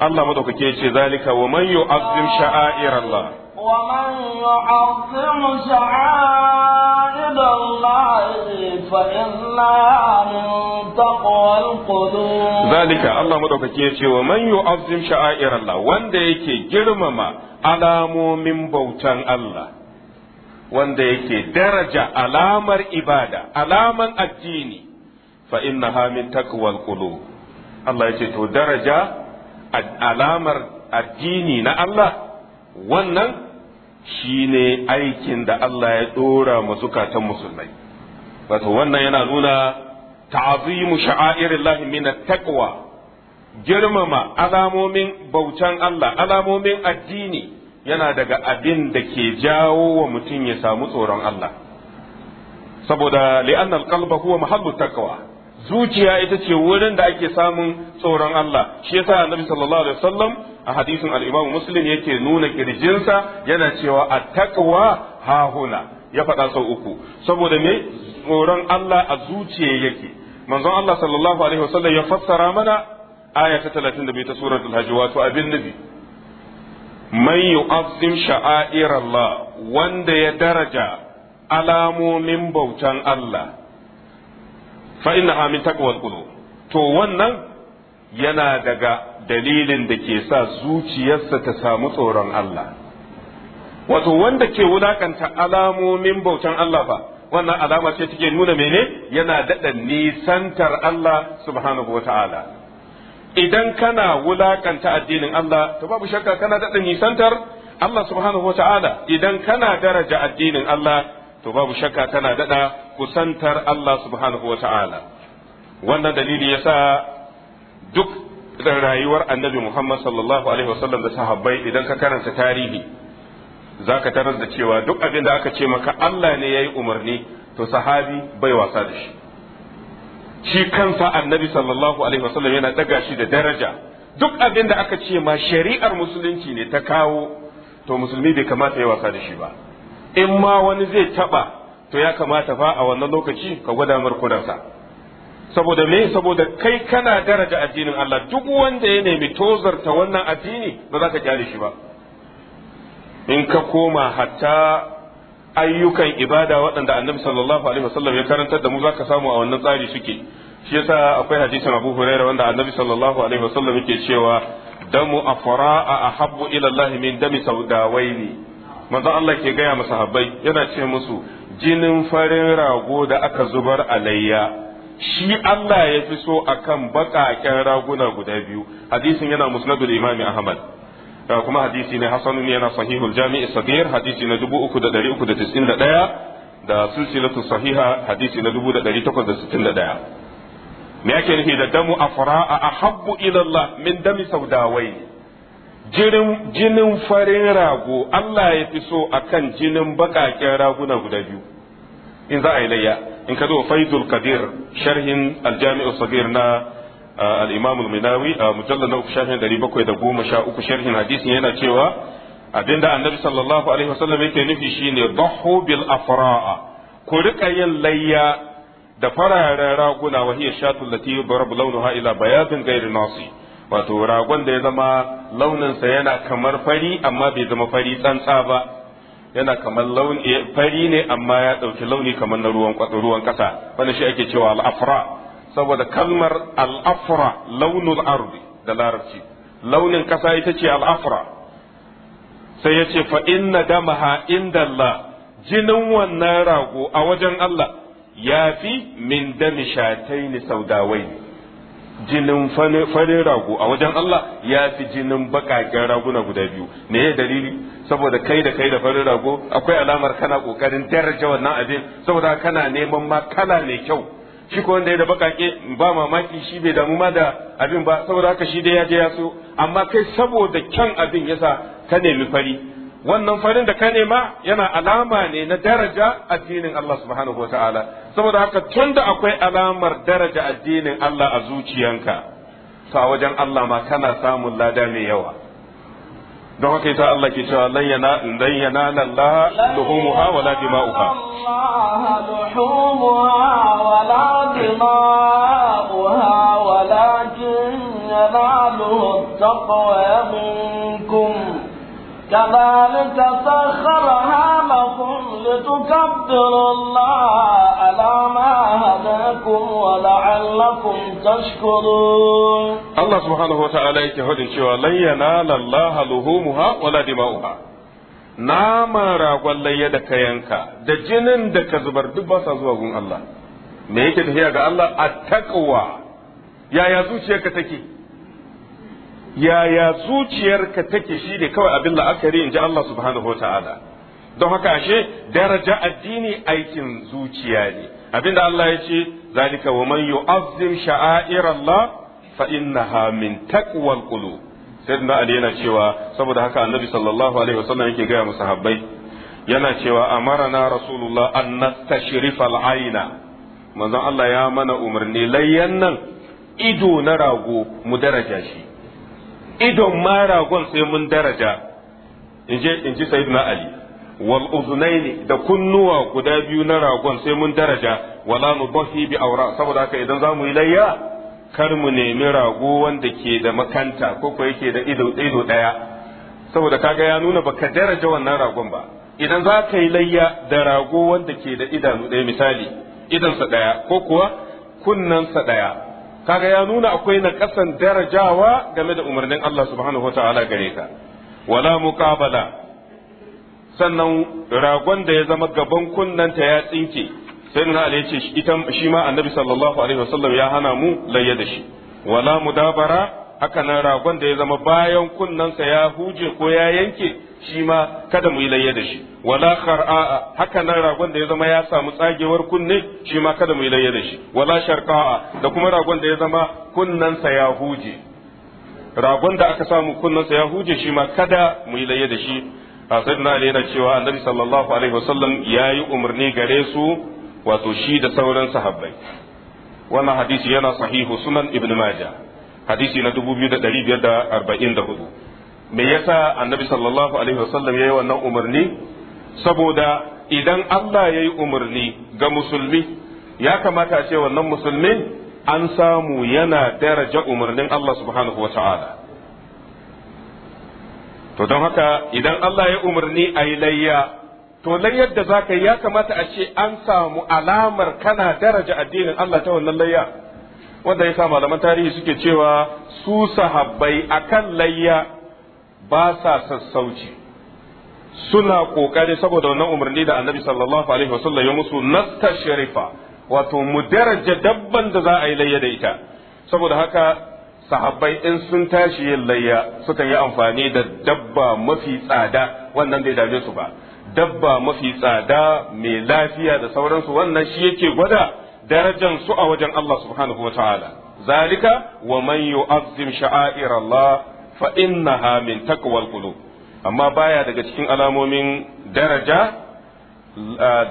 Allah madaukake ya ce zalika wa man yu'azzim sha'airallah ومن يعظم شعائر الله فإنها من تقوى القلوب ذلك الله مدوكاكي يتي ومن يعظم شعائر الله وان يكي جرمما علامو من بوتان الله wanda yake daraja alamar ibada alaman addini fa innaha min taqwal qulub Allah yace to daraja alamar addini na Allah wannan Shi ne aikin da Allah ya ɗora masu katon musulmai wato wannan yana nuna ta'azimu lahi, min taqwa girmama alamomin bautan Allah alamomin addini yana daga abin da ke jawo wa mutum ya samu tsoron Allah saboda li'anna al-qalba huwa mahallu taqwa zuciya ita ce wurin da ake samun tsoron Allah shi yasa annabi sallallahu alaihi wasallam a hadisin al-Imam Muslim yake nuna kirjinsa yana cewa at-taqwa hahuna ya faɗa sau uku saboda me tsoron Allah a zuciya yake manzon Allah sallallahu alaihi wasallam ya fassara mana aya ta 32 ta suratul hajj wato abin nabi man yu'azzim sha'air Allah wanda ya daraja alamomin bautan Allah fa ha min taqwa qulub to wannan yana daga dalilin da ke sa zuciyarsa ta samu tsoron Allah wato wanda ke wulakanta alamomin bautan Allah ba wannan alama ce take nuna mene yana daɗa nisantar Allah subhanahu wata'ala idan kana wulakanta addinin Allah to babu shakka kana daɗa nisantar Allah subhanahu wata'ala idan kana daraja addinin Allah to babu shakka kana daɗa kusantar Allah subhanahu wa ta'ala wannan dalili ya sa duk rayuwar annabi Muhammad sallallahu alaihi wasallam da sahabbai idan ka karanta tarihi za ka tarar da cewa duk abin da aka ce maka Allah ne ya yi umarni to sahabi bai wasa da shi shi kansa annabi sallallahu alaihi wasallam yana daga shi da daraja duk abin da aka ce ma shari'ar musulunci ne ta kawo to musulmi bai kamata ya wasa da shi ba in ma wani zai taɓa. to ya kamata fa a wannan lokaci ka gwada markunansa saboda me saboda kai kana daraja addinin Allah duk wanda ya nemi tozarta wannan addini ba za ka kyale shi ba in ka koma hatta ayyukan ibada waɗanda annabi sallallahu alaihi wasallam ya karantar da mu za ka samu a wannan tsari suke shi yasa akwai hadisin Abu Hurairah wanda annabi sallallahu alaihi wasallam yake cewa damu afra'a ahabbu ila Allah min dami saudawaini manzo Allah ke gaya masa habbai yana ce musu jinin farin rago da aka zubar alayya shi Allah ya fi so a kan baƙaƙen raguna guda biyu hadisin yana musnadul imami ahmad kuma hadisi ne hasanun yana sahihul jami'i sagir hadisi na 3391 da silsilatu sahiha hadisi na 1861 me yake nufi da damu a afra'a ahabbu ila Allah min dami saudawai jirin jinin farin rago Allah ya fi so akan jinin baƙaƙen raguna guda biyu in za a yi layya in ka zo faidul qadir sharhin aljami'u sagir na al-imam al-minawi a mujallad na uku shafin 713 sharhin hadisin yana cewa abinda annabi sallallahu alaihi wasallam yake nufi shine dhahu bil afra'a ku rika yin layya da fararen raguna wa hiya shatul lati yudrab launuha ila bayadin ghairi nasi wato ragon da ya zama launinsa yana kamar fari amma bai zama fari tsantsa ba yana kamar launi eh, fari ne amma ya ɗauki launi kamar na ruwan ruwan ƙasa wanda shi ake cewa al'afra saboda kalmar al'afra launul ardi da larabci launin ƙasa ita ce al'afra sai ya ce fa inna damaha inda Allah jinin wannan rago a wajen Allah ya fi min dami shatai ni saudawai jinin farin rago a wajen Allah ya fi jinin bakaken raguna guda biyu me ya dalili saboda kai da kai da farin rago akwai alamar kana kokarin daraja wannan abin saboda kana neman ma kala mai kyau shi ko wanda ya da bakake ba mamaki shi bai damu ma da abin ba saboda haka shi dai ya je ya so amma kai saboda kyan abin yasa ka nemi fari wannan farin da ka nema yana alama ne na daraja addinin Allah subhanahu wataala saboda haka tunda akwai alamar daraja addinin Allah a zuciyanka to a wajen Allah ma kana samun lada mai yawa don haka ita Allah ke cewa lan yana lan yanala Allah luhumuha wala dima'uha Allah dima'uha كذلك سخرها لكم لتكبروا الله على ما هداكم ولعلكم تشكرون الله سبحانه وتعالى يتهدي شوى لن ينال الله لهومها ولا دماؤها nama ragon layya da ka yanka da jinin da ka zubar duk ba sa zuwa gun Allah me yake tafiya ga Allah a taqwa yaya zuciyarka take yaya zuciyarka take shi ne kawai abin la'akari in ji Allah subhanahu wa ta'ala don haka ashe daraja addini aikin zuciya ne abin da Allah ya ce zalika wa man yu'azzim sha'air Allah fa innaha min taqwal qulub sayyidina Ali yana cewa saboda haka annabi sallallahu alaihi wasallam yake ga musahabbai yana cewa amarana rasulullah an nastashrifa al-aina manzon Allah ya mana umarni layyan nan ido na rago mu daraja shi idon ma ragon sai mun daraja in ji sayyidina ali wal uzunaini da kunnuwa guda biyu na ragon sai mun daraja wala mu nudahi bi aura saboda haka idan zamu yi layya kar mu nemi rago wanda ke da makanta ko ko yake da ido ido daya saboda kaga ya nuna baka daraja wannan ragon ba idan za ka yi layya da rago wanda ke da idanu ɗaya misali idansa daya ko kuwa kunnensa ɗaya kaga ya nuna akwai na kasan darajawa game da umarnin Allah subhanahu wa ta'ala gare ka wala muqabala sannan ragon da ya zama gaban ta ya tsinke sai nuna alai ce shi ma annabi sallallahu alaihi wasallam ya hana mu layya da shi wala mudabara haka nan ragon da ya zama bayan kunnansa ya huje ko ya yanke shi ma kada mu yi layya da shi wala khar'a haka nan ragon da ya zama ya samu tsagewar kunne shi ma kada mu yi layya da shi wala sharqa'a da kuma ragon da ya zama kunnansa ya huje ragon da aka samu kunnansa ya huje shi ma kada mu yi layya da shi sayyidina ali yana cewa annabi sallallahu alaihi wasallam yayi umarni gare su wato shi da sauran sahabbai wannan hadisi yana sahihu sunan ibn majah hadisi na 2544 me yasa annabi sallallahu alaihi wasallam yayi wannan umarni saboda idan Allah yayi umarni ga musulmi ya kamata a ce wannan musulmin an samu yana daraja umarnin Allah subhanahu wataala to don haka idan Allah ya umarni a yi layya to layyar da zaka ya kamata a ce an samu alamar kana daraja addinin Allah ta wannan layya wanda ya sa malaman tarihi suke cewa su sahabbai akan layya ba sa sassauci suna kokari saboda wannan umarni da annabi sallallahu alaihi wasallam ya musu nastashrifa wato mu daraja dabban da za a yi layya da ita saboda haka sahabbai in sun tashi yin layya sukan yi amfani da dabba mafi tsada wannan bai dame su ba dabba mafi tsada mai lafiya da sauransu wannan shi yake gwada darajan su a wajen Allah subhanahu wa ta'ala zalika wa man yu'azzim sha'air Allah fa innaha min taqwal qulub amma baya daga cikin alamomin daraja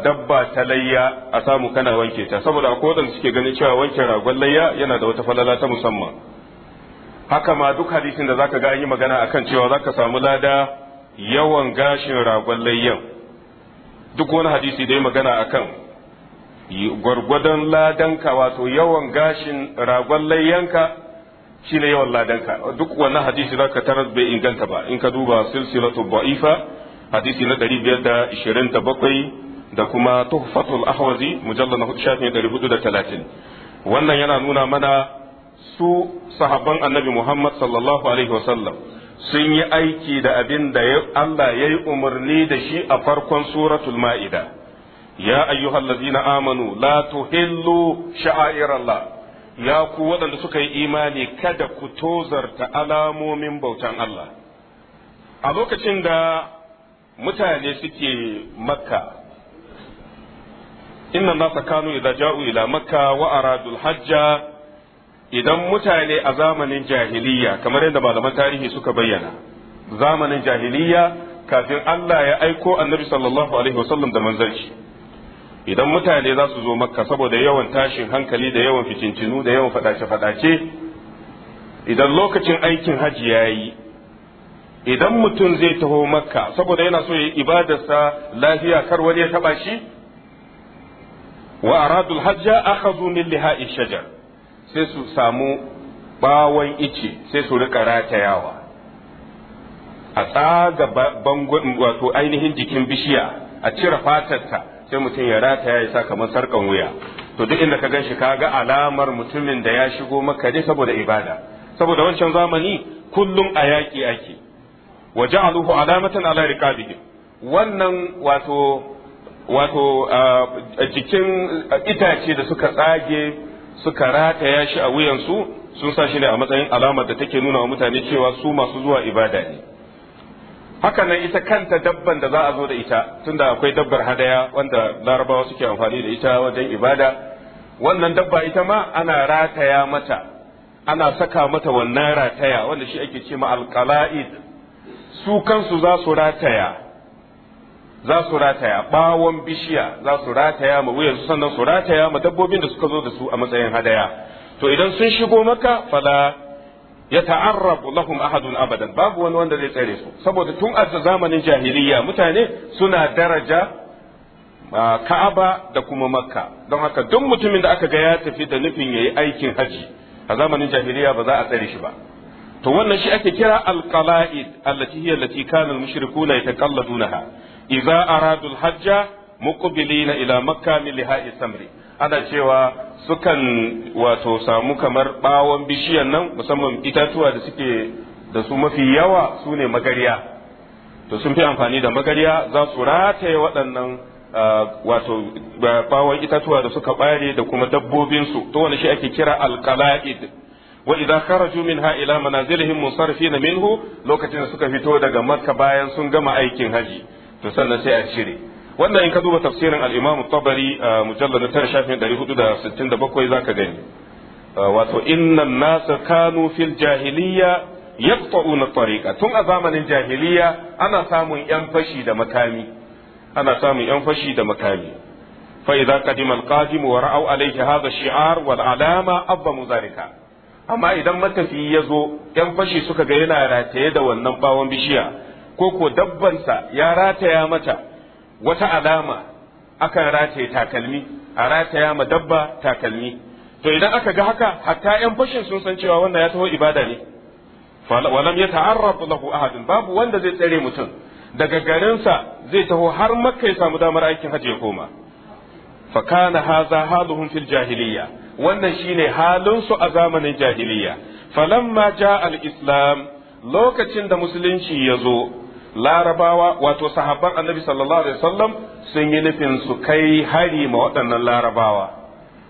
dabba ta layya a samu kana wanke ta saboda akwai wadanda suke ganin cewa wanke ragon layya yana da wata falala ta musamman haka ma duk hadisin da zaka ga an yi magana akan cewa zaka samu lada yawan gashin ragon layyan duk wani hadisi da ya magana akan gwargwadon ladanka wato yawan gashin ragon layyanka shine yawan ladanka duk wannan hadisi zaka tarar bai inganta ba in ka duba silsilatu ba'ifa hadisi na 527 da kuma tuhfatul ahwazi mujallal na 430 wannan yana nuna mana su sahabban annabi Muhammad sallallahu alaihi wasallam sun yi aiki da abin da Allah ya yi umarni da shi a farkon suratul ma'ida ya ayyuhallazina amanu la tuhillu sha'airallah ya ku waɗanda suka yi imani kada ku tozarta alamomin bautan Allah a lokacin da mutane suke makka inna nasa kanu idan ja'u ila makka wa aradul hajja idan mutane a zamanin jahiliya kamar yadda malaman tarihi suka bayyana zamanin jahiliya kafin Allah ya aiko annabi sallallahu alaihi wasallam da manzanci idan mutane za su zo makka saboda yawan tashin hankali da yawan ficincinu da yawan fadace-fadace idan lokacin aikin hajji ya yi idan mutum zai taho makka saboda yana so ya yi ibadarsa lafiya kar wani ya taba shi wa aradul hajja akhadhu min liha'i shajar sai su samu bawon ice sai su rika ratayawa a tsaga bangon wato ainihin jikin bishiya a cire fatarta sai mutum ya rataya ya sa kamar sarkan wuya to duk inda ka gan shi kaga alamar mutumin da ya shigo maka ne saboda ibada saboda wancan zamani kullum a yaƙi ake wa ja'aluhu alamatan ala riqabihi wannan wato wato jikin itace da suka tsage suka rataya shi a wuyansu sun sa shi ne a matsayin alamar da take nuna wa mutane cewa su masu zuwa ibada ne haka nan ita kanta dabban da za a zo da ita tunda akwai dabbar hadaya wanda larabawa suke amfani da ita wajen ibada wannan dabba ita ma ana rataya mata ana saka mata wannan rataya wanda shi ake ce ma alqala'id su kansu za su rataya za su rataya bawon bishiya za su rataya ma wuyansu sannan su rataya ma dabbobin da suka zo da su a matsayin hadaya to idan sun shigo maka fala ya ta'arrabu lahum ahadun abadan babu wani wanda zai tsare su saboda tun a zamanin jahiliya mutane suna daraja ka'aba da kuma makka don haka duk mutumin da aka ga ya tafi da nufin yayi aikin haji a zamanin jahiliya ba za a tsare shi ba to wannan shi ake kira alqala'id allati hiya allati kana almushrikuna yataqalladunaha idza aradu alhajja muqbilina ila makka min lihai samri ana cewa sukan wato samu kamar bawon bishiyan nan musamman itatuwa da suke da su mafi yawa su ne magariya to sun fi amfani da magariya za su rataye waɗannan wato bawon itatuwa da suka ɓare da kuma dabbobinsu to wani shi ake kira alkala'id wa idza kharaju minha ila manazilihim musarfina minhu lokacin da suka fito daga makka bayan sun gama aikin haji to sannan sai a cire wannan in ka duba tafsirin al-Imam tabari a uh, mujallar tara shafin 467 zaka gani uh, wato innan nasa kanu fil jahiliya yaqta'una tariqa tun a zamanin jahiliya ana samun yan fashi da makami ana samun yan fashi da makami fa idza qadima al-qadim wa ra'aw alayhi hadha shiar wal alama abba muzarika amma idan matafi ya zo yan fashi suka ga yana rataye da wannan bawon bishiya ko ko dabbansa ya rataya mata wata alama akan rataye takalmi a rataya ma dabba takalmi to idan aka ga haka hatta yan fashin sun san cewa wannan ya taho ibada ne walam ya ta'arrafu lahu ahadin babu wanda zai tsare mutum daga garinsa zai taho har makka ya samu damar aikin hajji ya koma fa kana haza haluhum fil jahiliyya wannan shine halin su a zamanin jahiliyya falamma ja al islam lokacin da musulunci ya zo larabawa wato sahabban annabi sallallahu alaihi wasallam sun yi nufin su kai hari ma waɗannan larabawa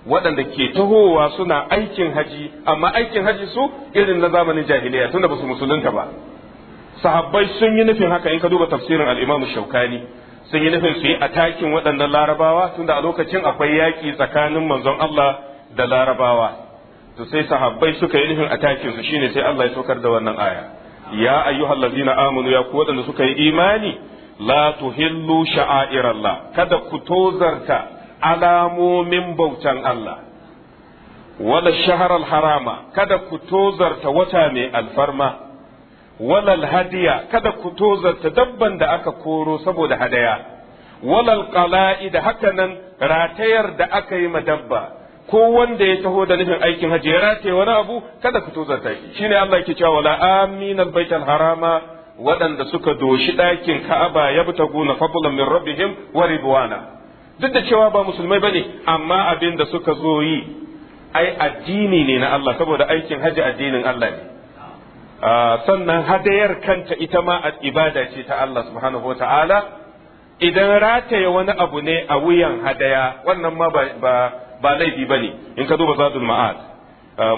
waɗanda ke tahowa suna aikin haji amma aikin haji su irin na zamanin jahiliya tunda ba su musulunta ba sahabbai sun yi nufin haka in ka duba tafsirin al-Imam Shaukani sun yi nufin su yi atakin waɗannan larabawa tunda a lokacin akwai yaƙi tsakanin manzon Allah da larabawa to sai sahabbai suka yi nufin atakin su shine sai Allah ya saukar da wannan aya ya ayyuhal ladzina amanu ya ku waɗanda suka yi imani la tuhillu sha'airallah kada ku tozarta alamomin bautan Allah wala shaharar harama kada ku tozarta wata mai alfarma walal hadiya kada ku tozarta dabban da aka koro saboda hadaya walal ƙala'i. Da haka nan ratayar da aka yi ma dabba ko wanda ya taho da nufin aikin hajji ya rataye wani abu kada ku tozarta shi shine Allah yake cewa wala aminal baital harama waɗanda suka doshi ɗakin Ka'aba ya buta guna fadlan min rabbihim wa ridwana duk da cewa ba musulmai bane amma abin da suka zo yi ai addini ne na Allah saboda aikin hajji addinin Allah ne ah, sannan hadayar kanta ita ma ibada ce ta Allah subhanahu wa idan rataye wani abu ne a wuyan hadaya wannan ma ba ba laifi ba ne in ka duba zadul ma'ad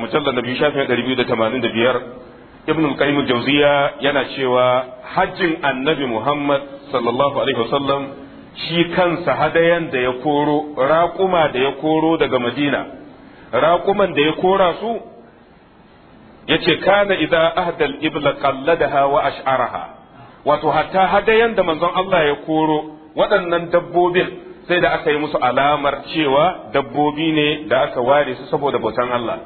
mujallal nabi shafin 285 ibn al-qayyim jawziya yana cewa hajjin annabi muhammad sallallahu alaihi wasallam shi kansa hadayan da ya koro raƙuma da ya koro daga madina raƙuman da ya kora su yace kana idza ahdal ibla qalladaha wa ash'araha wato hatta hadayan da manzon Allah ya koro waɗannan dabbobin sai da aka yi musu alamar cewa dabbobi ne da aka ware su saboda bautan Allah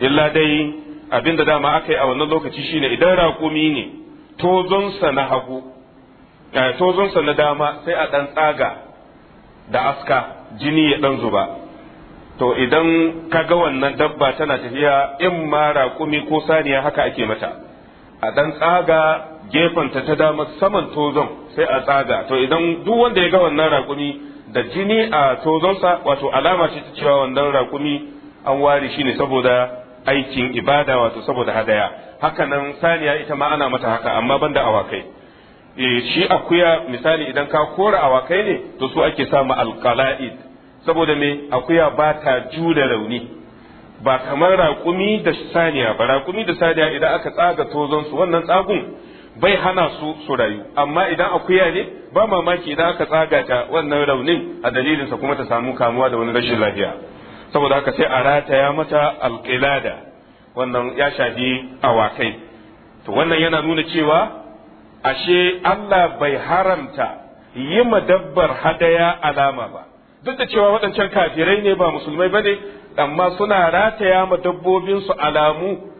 illa dai abin da dama aka yi a wannan lokaci shine idan raƙumi ne tozonsa na hagu eh, tozonsa na dama sai a ɗan tsaga da aska jini ya ɗan zuba to idan ka ga wannan dabba tana tafiya in ma raƙumi ko saniya haka ake mata a ɗan tsaga gefanta ta dama saman tozon sai a tsaga to idan duk wanda ya ga wannan rakumi da jini a tozonsa wato alama ce ta cewa wannan rakumi an ware shi ne saboda aikin ibada wato saboda hadaya hakanan saniya ita ma ana mata haka amma banda awakai e, shi akuya misali idan ka kora awakai ne to su ake samu alqala'id saboda me akuya ba ta jure rauni ba kamar rakumi da saniya ba rakumi da saniya idan aka tsaga tozon su wannan tsagun bai hana su su rayu amma idan akuya ne ba mamaki idan aka tsaga ta wannan raunin a dalilinsa kuma ta samu kamuwa da wani rashin lafiya saboda haka sai a rataya mata alqilada wannan ya shafi awakai to wannan yana nuna cewa ashe Allah bai haramta yi madabbar hadaya alama ba duk da cewa waɗancan kafirai ne ba musulmai ba ne amma suna rataya ma dabbobinsu alamu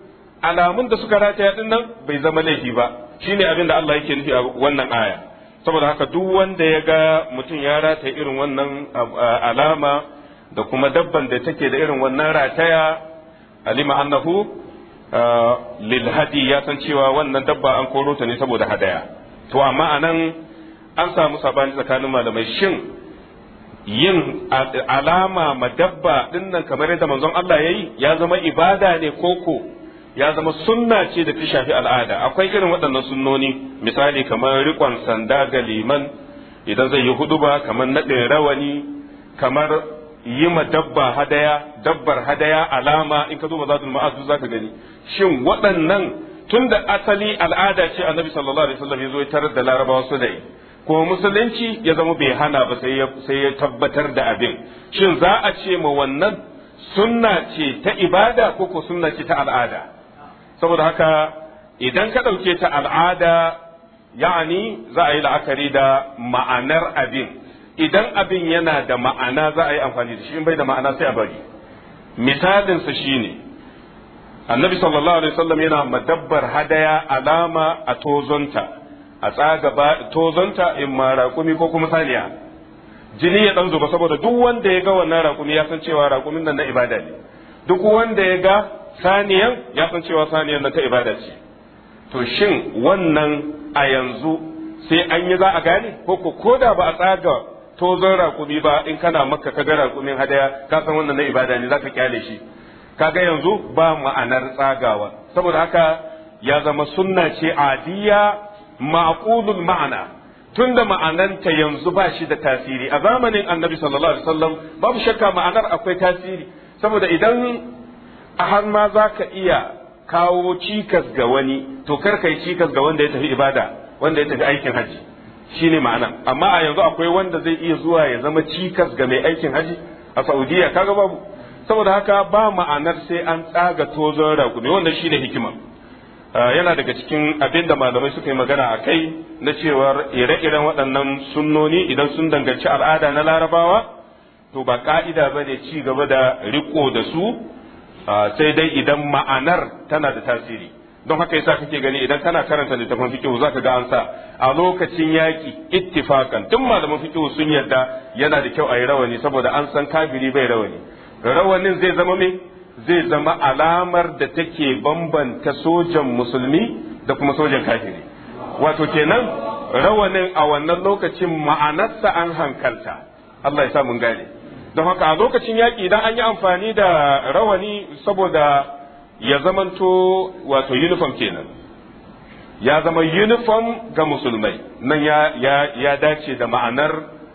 alamun da suka rataya ɗin bai zama laifi ba shine abin da Allah yake nufi a wannan aya saboda haka duk wanda ya ga mutum ya rata irin wannan alama da kuma dabban da take da irin wannan rataya alima annahu lil hadi ya san cewa wannan dabba an koro ta ne saboda hadaya to amma anan an samu sabani tsakanin malamai shin yin alama ma dabba dinnan kamar yadda manzon Allah yayi ya zama ibada ne koko ya zama sunna ce da ta shafi al'ada akwai irin waɗannan sunnoni misali kamar rikon sanda ga liman idan zai yi ba, kamar naɗin rawani kamar yi ma dabba hadaya dabbar hadaya alama in ka zo ma za ka gani shin waɗannan tun da asali al'ada ce annabi sallallahu alaihi wasallam ya zo ya tarar da larabawa su da ko musulunci ya zama bai hana ba sai ya tabbatar da abin shin za a ce ma wannan sunna ce ta ibada ko ko sunna ce ta al'ada saboda haka idan ka ɗauke ta al'ada ya'ani za a yi la'akari da ma'anar abin idan abin yana da ma'ana za a yi amfani da shi in bai da ma'ana sai a bari misalinsa shine annabi sallallahu alaihi wasallam yana madabbar hadaya alama a tozonta a tsaga tozonta in ma raƙumi ko kuma saniya jini ya ɗan zuba saboda duk wanda ya ga wannan raƙumi ya san cewa raƙumin nan na ibada ne duk wanda ya ga saniyan ya san cewa saniyan na ta ibada ce to shin wannan a yanzu sai an yi za a gane ko ko koda ba a tsaga tozon rakumi ba in kana maka ka ga rakumin hadaya ka san wannan na ibada ne zaka kyale shi kaga yanzu ba ma'anar tsagawa saboda haka ya zama sunna ce adiya ma'qulul ma'ana tunda ma'ananta yanzu ba shi da tasiri a zamanin annabi sallallahu alaihi wasallam babu shakka ma'anar akwai tasiri saboda idan A har ma za ka iya kawo cikas ga wani to kar ka yi cikas ga wanda ya tafi ibada wanda ya tafi aikin haji ne ma'ana amma a yanzu akwai wanda zai iya zuwa ya zama cikas ga mai aikin haji a saudiya kaga babu saboda haka ba ma'anar sai an tsaga tozon wanda shi ne hikima ah, yana daga cikin abin da malamai suka yi magana a kai na cewar ire-iren waɗannan sunnoni idan sun danganci al'ada na larabawa to ba ka'ida ba ne ci gaba da riko da su Ah, sai dai idan ma'anar tana da tasiri don haka yasa kake gani idan kana karanta littafin fiqh zaka ga an sa a lokacin yaki ittifakan tun malaman fiqh sun yarda yana da kyau a yi rawani saboda an san kafiri bai rawani rawanin zai zama me zai zama alamar da take bambanta sojan musulmi da kuma sojan kafiri wato kenan rawanin a wannan lokacin ma'anarsa an hankalta Allah ya sa mun gane don haka a lokacin yaƙi idan an yi amfani da rawani saboda ya zamanto wato uniform kenan ya zama uniform ga musulmai nan ya dace da ma'anar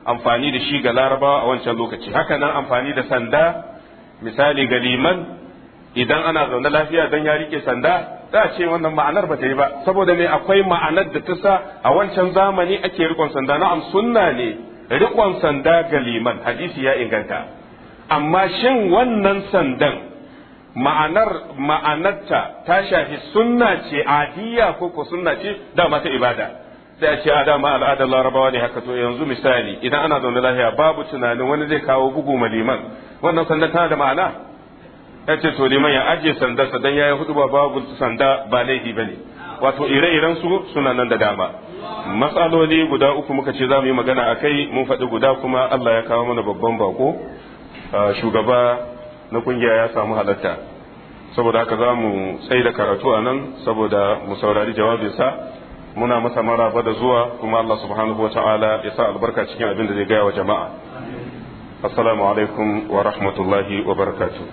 amfani da shi ga Laraba a wancan lokaci haka nan amfani da sanda misali ga liman idan ana zaune lafiya don ya rike sanda za a ce wannan ma'anar ba ta yi ba saboda me akwai ma'anar da ta sa a wancan zamani ake rikon sanda na'am sunna ne riƙon sanda ga liman hadisi ya inganta amma shin wannan sandan ma'anar ma'anarta ta shafi sunna ce adiya ko ko sunna ce dama ta ibada sai a ce a dama al'adar larabawa ne haka to yanzu misali idan ana zaune lafiya babu tunanin wani zai kawo bugu ma liman wannan sanda tana da ma'ana ya ce to liman ya ajiye sandarsa dan ya yi hudu ba babu sanda ba laifi ba ne wato ire-iren su suna nan da dama matsaloli guda uku muka ce za mu yi magana a kai mun faɗi guda kuma Allah ya kawo mana babban bako ah, shugaba na kungiya ya samu halatta saboda haka za mu tsaye da karatu a nan saboda mu saurari jawabinsa muna masa maraba da zuwa kuma Allah subhanahu wa ta'ala ya sa albarka cikin abin da zai gaya wa jama'a assalamu alaikum wa rahmatullahi wa barakatuh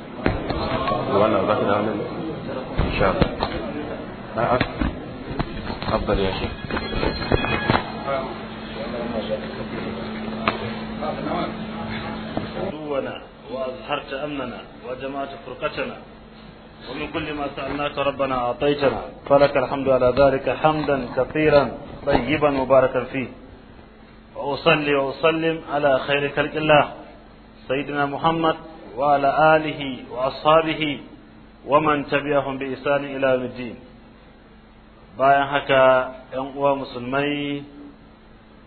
wannan za ka da insha Allah تفضل يا شيخ عدونا وأظهرت أمننا وجمعت فرقتنا ومن كل ما سألناك ربنا أعطيتنا فلك الحمد على ذلك حمدا كثيرا طيبا مباركا فيه وأصلي وأسلم على خير خلق الله سيدنا محمد وعلى آله وأصحابه ومن تبعهم بإحسان إلى يوم الدين bayan haka ‘yan uwa musulmai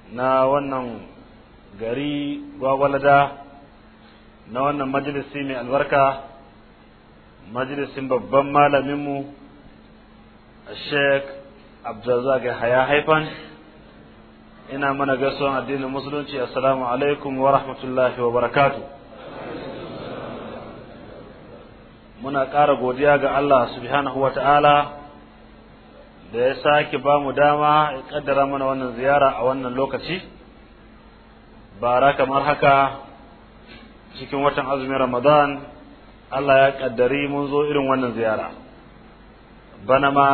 na wannan gari gwagwalada na wannan majalisi mai albarka majalisin babban malaminmu sheik abdulrazak haya haifan ina mana gaisuwan addinin musulunci assalamu alaikum wa rahmatullahi wa barakatu muna ƙara godiya ga Allah subhanahu wa ta'ala da ya sake ba mu dama ya kaddara mana wannan ziyara a wannan lokaci bara kamar haka cikin watan azumin ramadan Allah ya kaddari mun zo irin wannan ziyara bana ma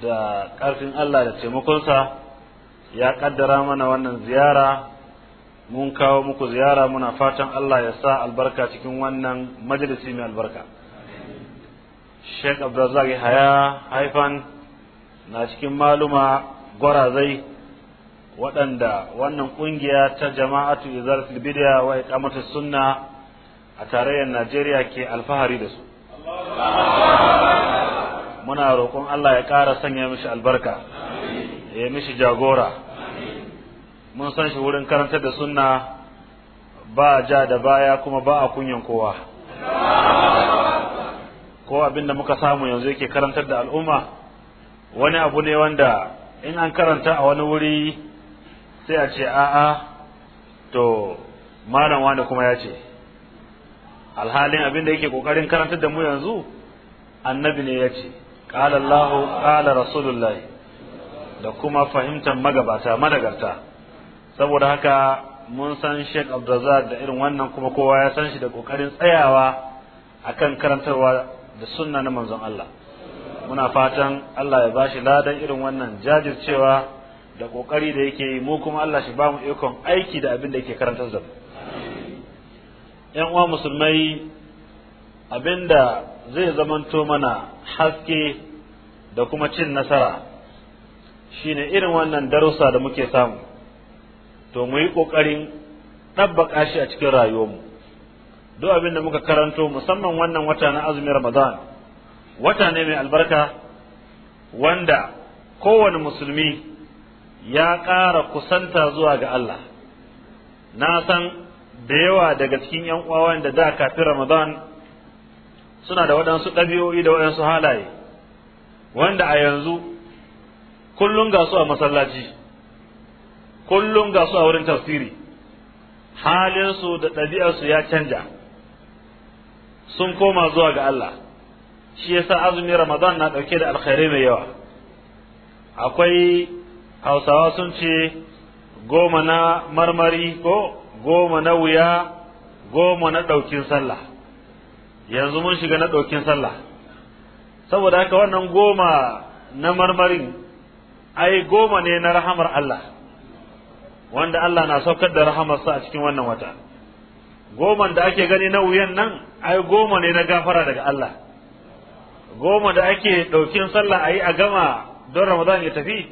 da ƙarfin Allah da taimakonsa ya kaddara mana wannan ziyara mun kawo muku ziyara muna fatan Allah ya sa albarka cikin wannan majalisi mai albarka Sheikh Abdulrazak Haya Haifan na cikin maluma gwarazai waɗanda wannan ƙungiya ta jama'atu izalatul bid'a wa iqamatus sunna a tarayyar Najeriya ke alfahari da su muna roƙon Allah ya ƙara sanya mishi albarka ya mishi jagora mun san shi wurin karantar da sunna ba a ja da baya kuma ba a kunyan kowa ko abin da muka samu yanzu yake karantar da al'umma wani abu ne wanda in an karanta a wani wuri sai a ce a'a to malam wani kuma ya ce alhalin abin da yake kokarin karanta da mu yanzu annabi ne ya ce qala Allahu qala rasulullah da kuma fahimtar magabata madagarta saboda haka mun san Sheikh Abdulrazak da irin wannan kuma kowa ya san shi da kokarin tsayawa akan karantarwa da sunna na manzon Allah muna fatan Allah ya ba shi ladan irin wannan jajircewa da kokari da yake yi mu kuma Allah shi ba mu ikon aiki da abin da yake karantar da mu yan uwa musulmai abinda zai zamanto mana haske da kuma cin nasara shine irin wannan darussa da muke samu to mu yi ƙoƙarin ɗabbaƙa shi a cikin rayuwarmu duk abin da muka karanto musamman wannan wata na azumin ramadan wata ne mai albarka wanda kowane musulmi ya ƙara kusanta zuwa ga Allah na san da yawa daga cikin yan uwa wanda da kafin Ramadan suna da waɗansu ɗabi'o'i da waɗansu halaye wanda a yanzu kullum ga su a masallaci kullum ga su a wurin tafsiri halinsu da ɗabi'arsu ya canja sun koma zuwa ga Allah shi yasa azumin ramadan na dauke da alkhairai mai yawa akwai hausawa sun ce goma na marmari ko goma na wuya goma na daukin sallah yanzu mun shiga na daukin sallah saboda haka wannan goma na marmarin ai goma ne na rahamar Allah wanda Allah na saukar da rahamarsa a cikin wannan wata goman da ake gani na wuyan nan ai goma ne na gafara daga Allah goma da ake ɗaukin sallah a yi a gama don ramadan ya tafi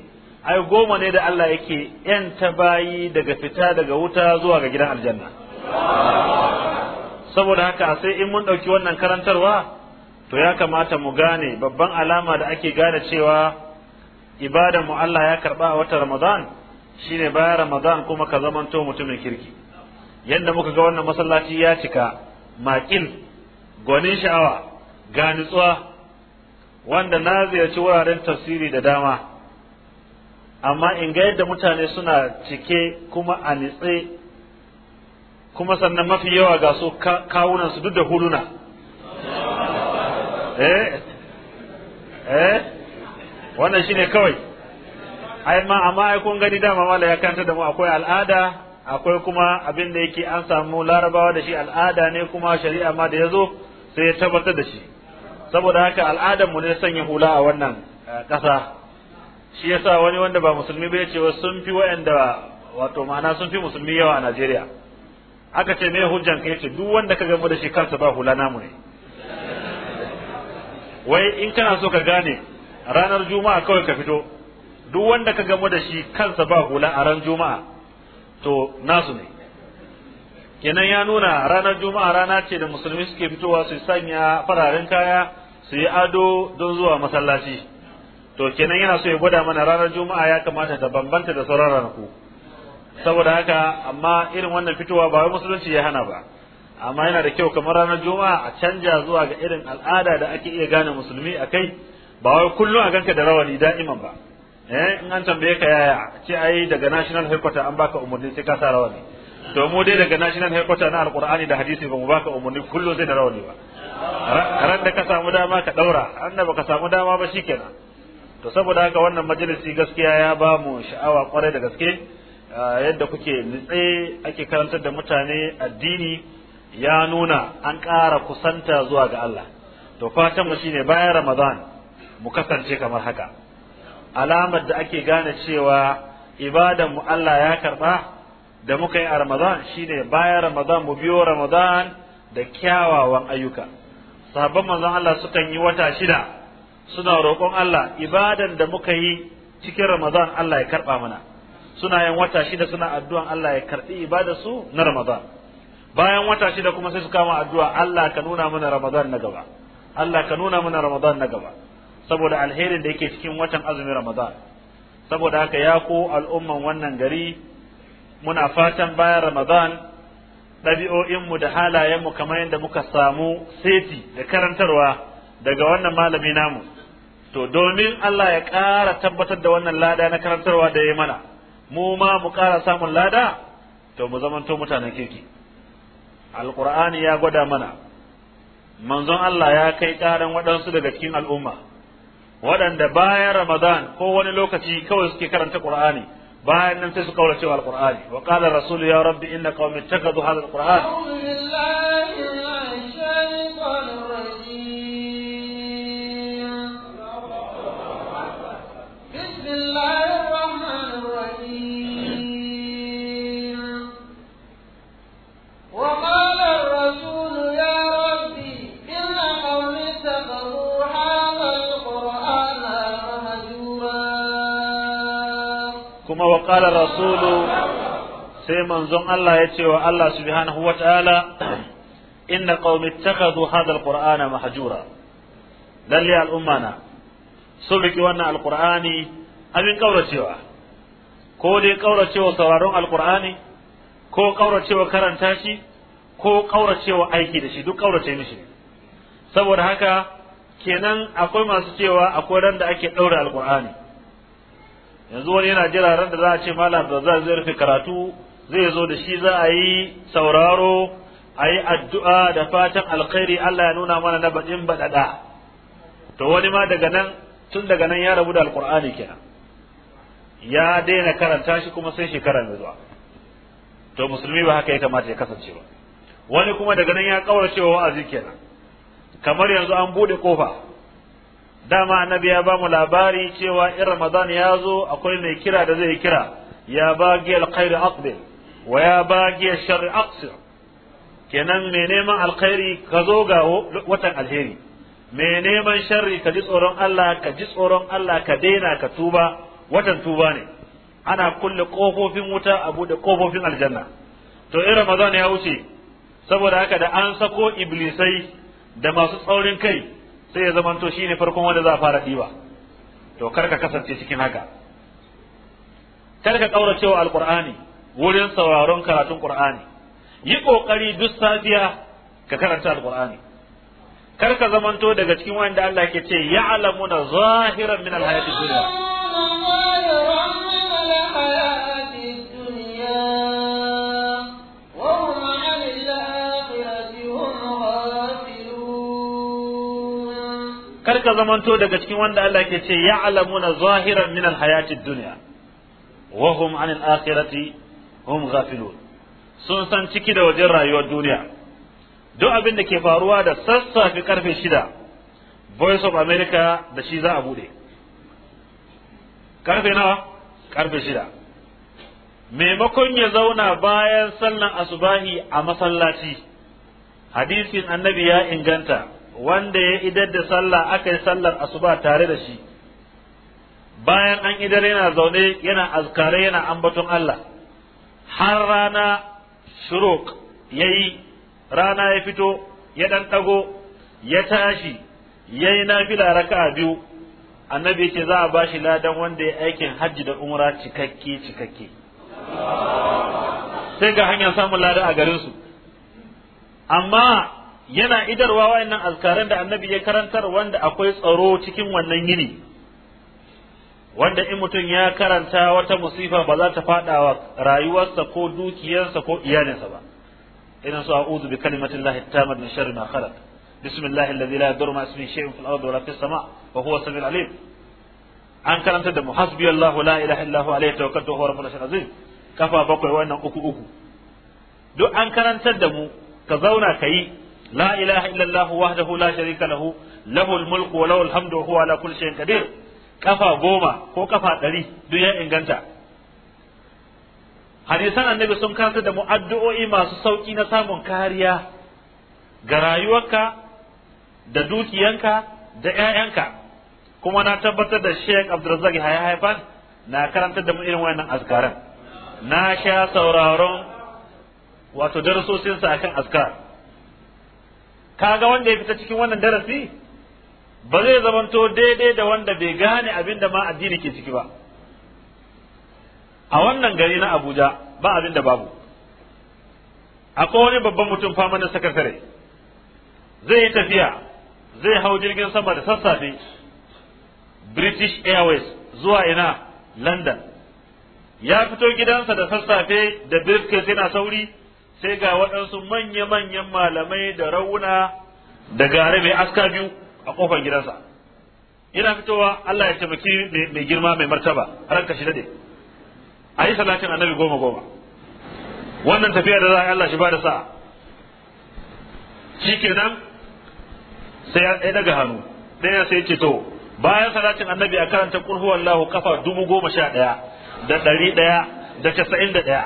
ai goma ne da Allah yake yan ta bayi daga fita daga wuta zuwa ga gidan aljanna saboda haka sai in mun ɗauki wannan karantarwa to ya kamata mu gane babban alama da ake gane cewa ibadan mu Allah ya karba a watan ramadan shine bayan ramadan kuma ka zamanto mutumin kirki yadda muka ga wannan masallaci ya cika maƙil gwanin sha'awa ga nutsuwa wanda na ziyarci wuraren tafsiri da dama amma in ga yadda mutane suna cike kuma a nitse kuma sannan mafi yawa ga su kawunan su duk da huluna eh eh wannan shine kawai ai ma amma ai kun gani dama wala ya kanta da mu akwai al'ada akwai kuma abin da yake an samu larabawa da shi al'ada ne kuma shari'a ma da yazo sai ya tabbatar da shi saboda haka al'adar mu ne sanya hula a wannan eh, ƙasa shi yasa wani wanda ba musulmi ba ce sun fi wa'anda wato ma'ana sun fi musulmi yawa a Najeriya aka ce me hujjan kai ce duk wanda ka gamu da shi kansa ba hula namu ne wai in kana so ka gane ranar juma'a kawai ka fito duk wanda ka gamu da shi kansa ba hula a ran juma'a to nasu ne kenan ya nuna ranar juma'a rana ce da musulmi suke fitowa su sanya fararen kaya su yi ado don zuwa masallaci to kenan yana so ya gwada mana ranar juma'a ya kamata ta bambanta da sauran ranaku saboda haka amma irin wannan fitowa ba wai musulunci ya hana ba amma yana da kyau kamar ranar juma'a a canja zuwa ga irin al'ada da ake iya gane musulmi a kai ba wai kullum a ganka da rawani da'iman ba eh in an tambaye ka yaya ce ai daga national headquarter an baka umarni sai ka sa rawani to mu dai daga national headquarter na alqur'ani da hadisi ba mu baka umarni kullum sai da rawani ba ran da ka samu dama ka daura ran da baka samu dama ba shikenan to saboda haka wannan majalisi gaskiya ya ba mu sha'awa kwarai da gaske yadda kuke nitse ake karantar da mutane addini ya nuna an ƙara kusanta zuwa ga Allah to fatan mu shine bayan Ramadan mu kasance kamar haka alamar da ake gane cewa ibadan mu Allah ya karba da muka yi a Ramadan shine bayan Ramadan mu biyo Ramadan da kyawawan ayyuka sahabban manzon Allah sukan yi wata shida suna roƙon Allah ibadan da muka yi cikin Ramadan Allah ya karɓa mana suna yin wata shida suna addu'an Allah ya karɓi ibadar su na Ramadan bayan wata shida kuma sai su kama addu'a Allah ka nuna mana Ramadan na gaba Allah ka nuna mana Ramadan na gaba saboda alherin da yake cikin watan azumin Ramadan saboda haka ya ko al'umman wannan gari muna fatan bayan Ramadan ɗabi'o'inmu da halayenmu kamar yadda muka samu seti da karantarwa daga wannan malami namu to domin Allah ya ƙara tabbatar da wannan lada na karantarwa da ya mana mu ma mu ƙara samun lada to mu zamanto mutanen kirki alƙur'ani ya gwada mana manzon Allah ya kai ƙaran waɗansu daga cikin al'umma waɗanda bayan ramadan ko wani lokaci kawai suke karanta ƙur'ani bayan nan sai su kaura cewa alqur'ani wa qala rasul ya rabbi inna qaumi ittakhadhu hadha alqur'an manzon Allah ya ce wa Allah subhanahu wa ta'ala inna qaumi ittakhadhu hadha alqur'ana mahjura lalle al'ummana sun riki wannan alqur'ani abin ƙauracewa. ko dai kauracewa sauraron alqur'ani ko kauracewa karanta shi ko kauracewa aiki da shi duk kaurace mishi saboda haka kenan akwai masu cewa akwai ran da ake daura alqur'ani yanzu wani yana jira ran da za a ce malam da za zai rufe karatu zai zo da shi za a yi sauraro a yi addu'a da fatan alkhairi Allah ya nuna mana na baɗin baɗaɗa to wani ma daga nan tun daga nan ya rabu da alkur'ani kenan ya daina karanta shi kuma sai shekara mai zuwa to musulmi ba haka ya kamata ya kasance ba wani kuma daga nan ya kaurace wa wa'azi kenan kamar yanzu an bude kofa dama annabi ya ba mu labari cewa in ramadan ya zo akwai mai kira da zai kira ya ba gil alkhair aqbil Waya ya bagiya sharri aqsir kenan mai neman alkhairi ka zo ga watan alheri mai neman sharri ka ji tsoron Allah ka ji tsoron Allah ka daina ka tuba watan tuba ne ana kulle kofofin wuta a bude kofofin aljanna to in ramadan ya wuce saboda haka da an sako iblisai da masu tsaurin kai sai ya zamanto ne farkon wanda za a fara diba to karka kasance cikin haka Kar karka kauracewa alqur'ani wurin sauraron karatun Qur'ani yi kokari duk safiya ka karanta Al-Qur'ani kar ka zamanto daga cikin wanda Allah ke ce alamuna zahiran min alhayati duniya. dunya kar ka zamanto daga cikin wanda Allah ke ce alamuna zahiran min alhayati duniya. dunya wa hum 'anil akhirati hum ghafilun sun san ciki da wajen rayuwar duniya duk abin da ke faruwa da sassafe karfe shida voice of america da shi za a bude karfe nawa karfe shida maimakon ya zauna bayan sallan asubahi a masallaci hadisin annabi ya inganta wanda ya idar da sallah aka yi sallar asuba tare da shi bayan an idar yana zaune yana azkare yana ambaton Allah har rana shuruk ya yi rana ya fito ya ɗan ɗago ya tashi ya yi nafila raka'a biyu annabi ce za a ba shi ladan wanda ya aikin hajji da umra cikakke cikakke sai ga hanyar samun lada a garinsu amma yana idarwa wayannan azkaran da annabi ya karantar wanda akwai tsaro cikin wannan yini wanda in mutum ya karanta wata musifa ba za ta fada wa rayuwarsa ko dukiyarsa ko iyalinsa ba irin su a'udhu bi kalimatin lahi tamad min sharri ma khalaq bismillahi alladhi la yadurru ma ismihi shay'un fil ardi wa la fis sama' wa huwa samiul alim an karanta da muhasbi Allah la ilaha illa huwa alayhi tawakkaltu huwa rabbul arshil azim kafa bakwai wannan uku uku duk an karantar da mu ka zauna kayi la ilaha illa Allah wahdahu la sharika lahu lahul mulku wa lahul hamdu wa huwa ala kulli shay'in qadir kafa goma ko kafa ɗari duk ya inganta hadisan annabi sun karanta da mu'addu'o'i masu sauƙi na samun kariya ga rayuwarka da dukiyanka da 'ya'yanka kuma na tabbatar da Sheikh Abdulrazak Yahya Haifan na karantar da mu irin wannan azkaran na sha sauraron wato darasosinsa akan azkar ga wanda ya fita cikin wannan darasi ba zai zamanto daidai da wanda bai gane abin da ma addini ke ciki ba a wannan gari na abuja ba abin da babu akwai wani babban mutum fama na sakatare zai yi tafiya zai hau jirgin sama da sassafe british airways zuwa ina london ya fito gidansa da sassafe da briefcase yana sauri sai ga waɗansu manya-manyan malamai da rauna da gare mai aska biyu a kofar gidansa ina fitowa Allah ya taimaki mai girma mai martaba ranka shi dade a yi salatin annabi goma goma wannan tafiyar da za a Allah shi ba da sa'a shi kenan sai ya daga hannu ɗaya sai ce to bayan salatin annabi a karanta kurhu wallahu kafa dubu goma sha ɗaya da ɗari ɗaya da casa'in da ɗaya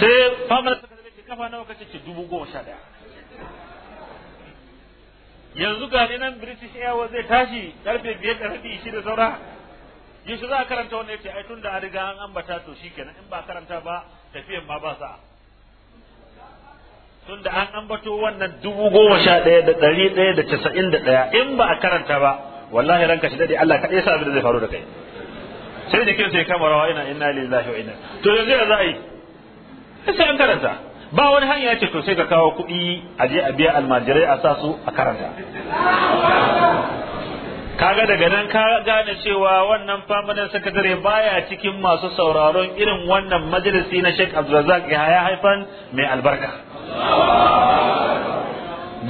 sai famar suka kafa nawa kace ce dubu goma sha ɗaya yanzu ga ne nan British Airways zai tashi karfe biyar da rabi shi da saura shi za a karanta wannan yace ai tunda a riga an ambata to shikenan in ba karanta ba tafiyan ma ba sa tunda an ambato wannan dubu goma sha ɗaya da ɗari ɗaya da casa'in da ɗaya in ba a karanta ba wallahi ranka shi daɗe Allah kaɗai sa abin da zai faru da kai sai da jikin sai kama rawa ina inna lillahi wa inna to yanzu ya za a yi sai an karanta ba wani hanya ce to sai ka kawo kuɗi a je a biya almajirai a sa su a karanta kaga daga nan ka gane cewa wannan permanent sakatare baya cikin masu sauraron irin wannan majalisi na Sheikh Abdulrazak ya haifan mai albarka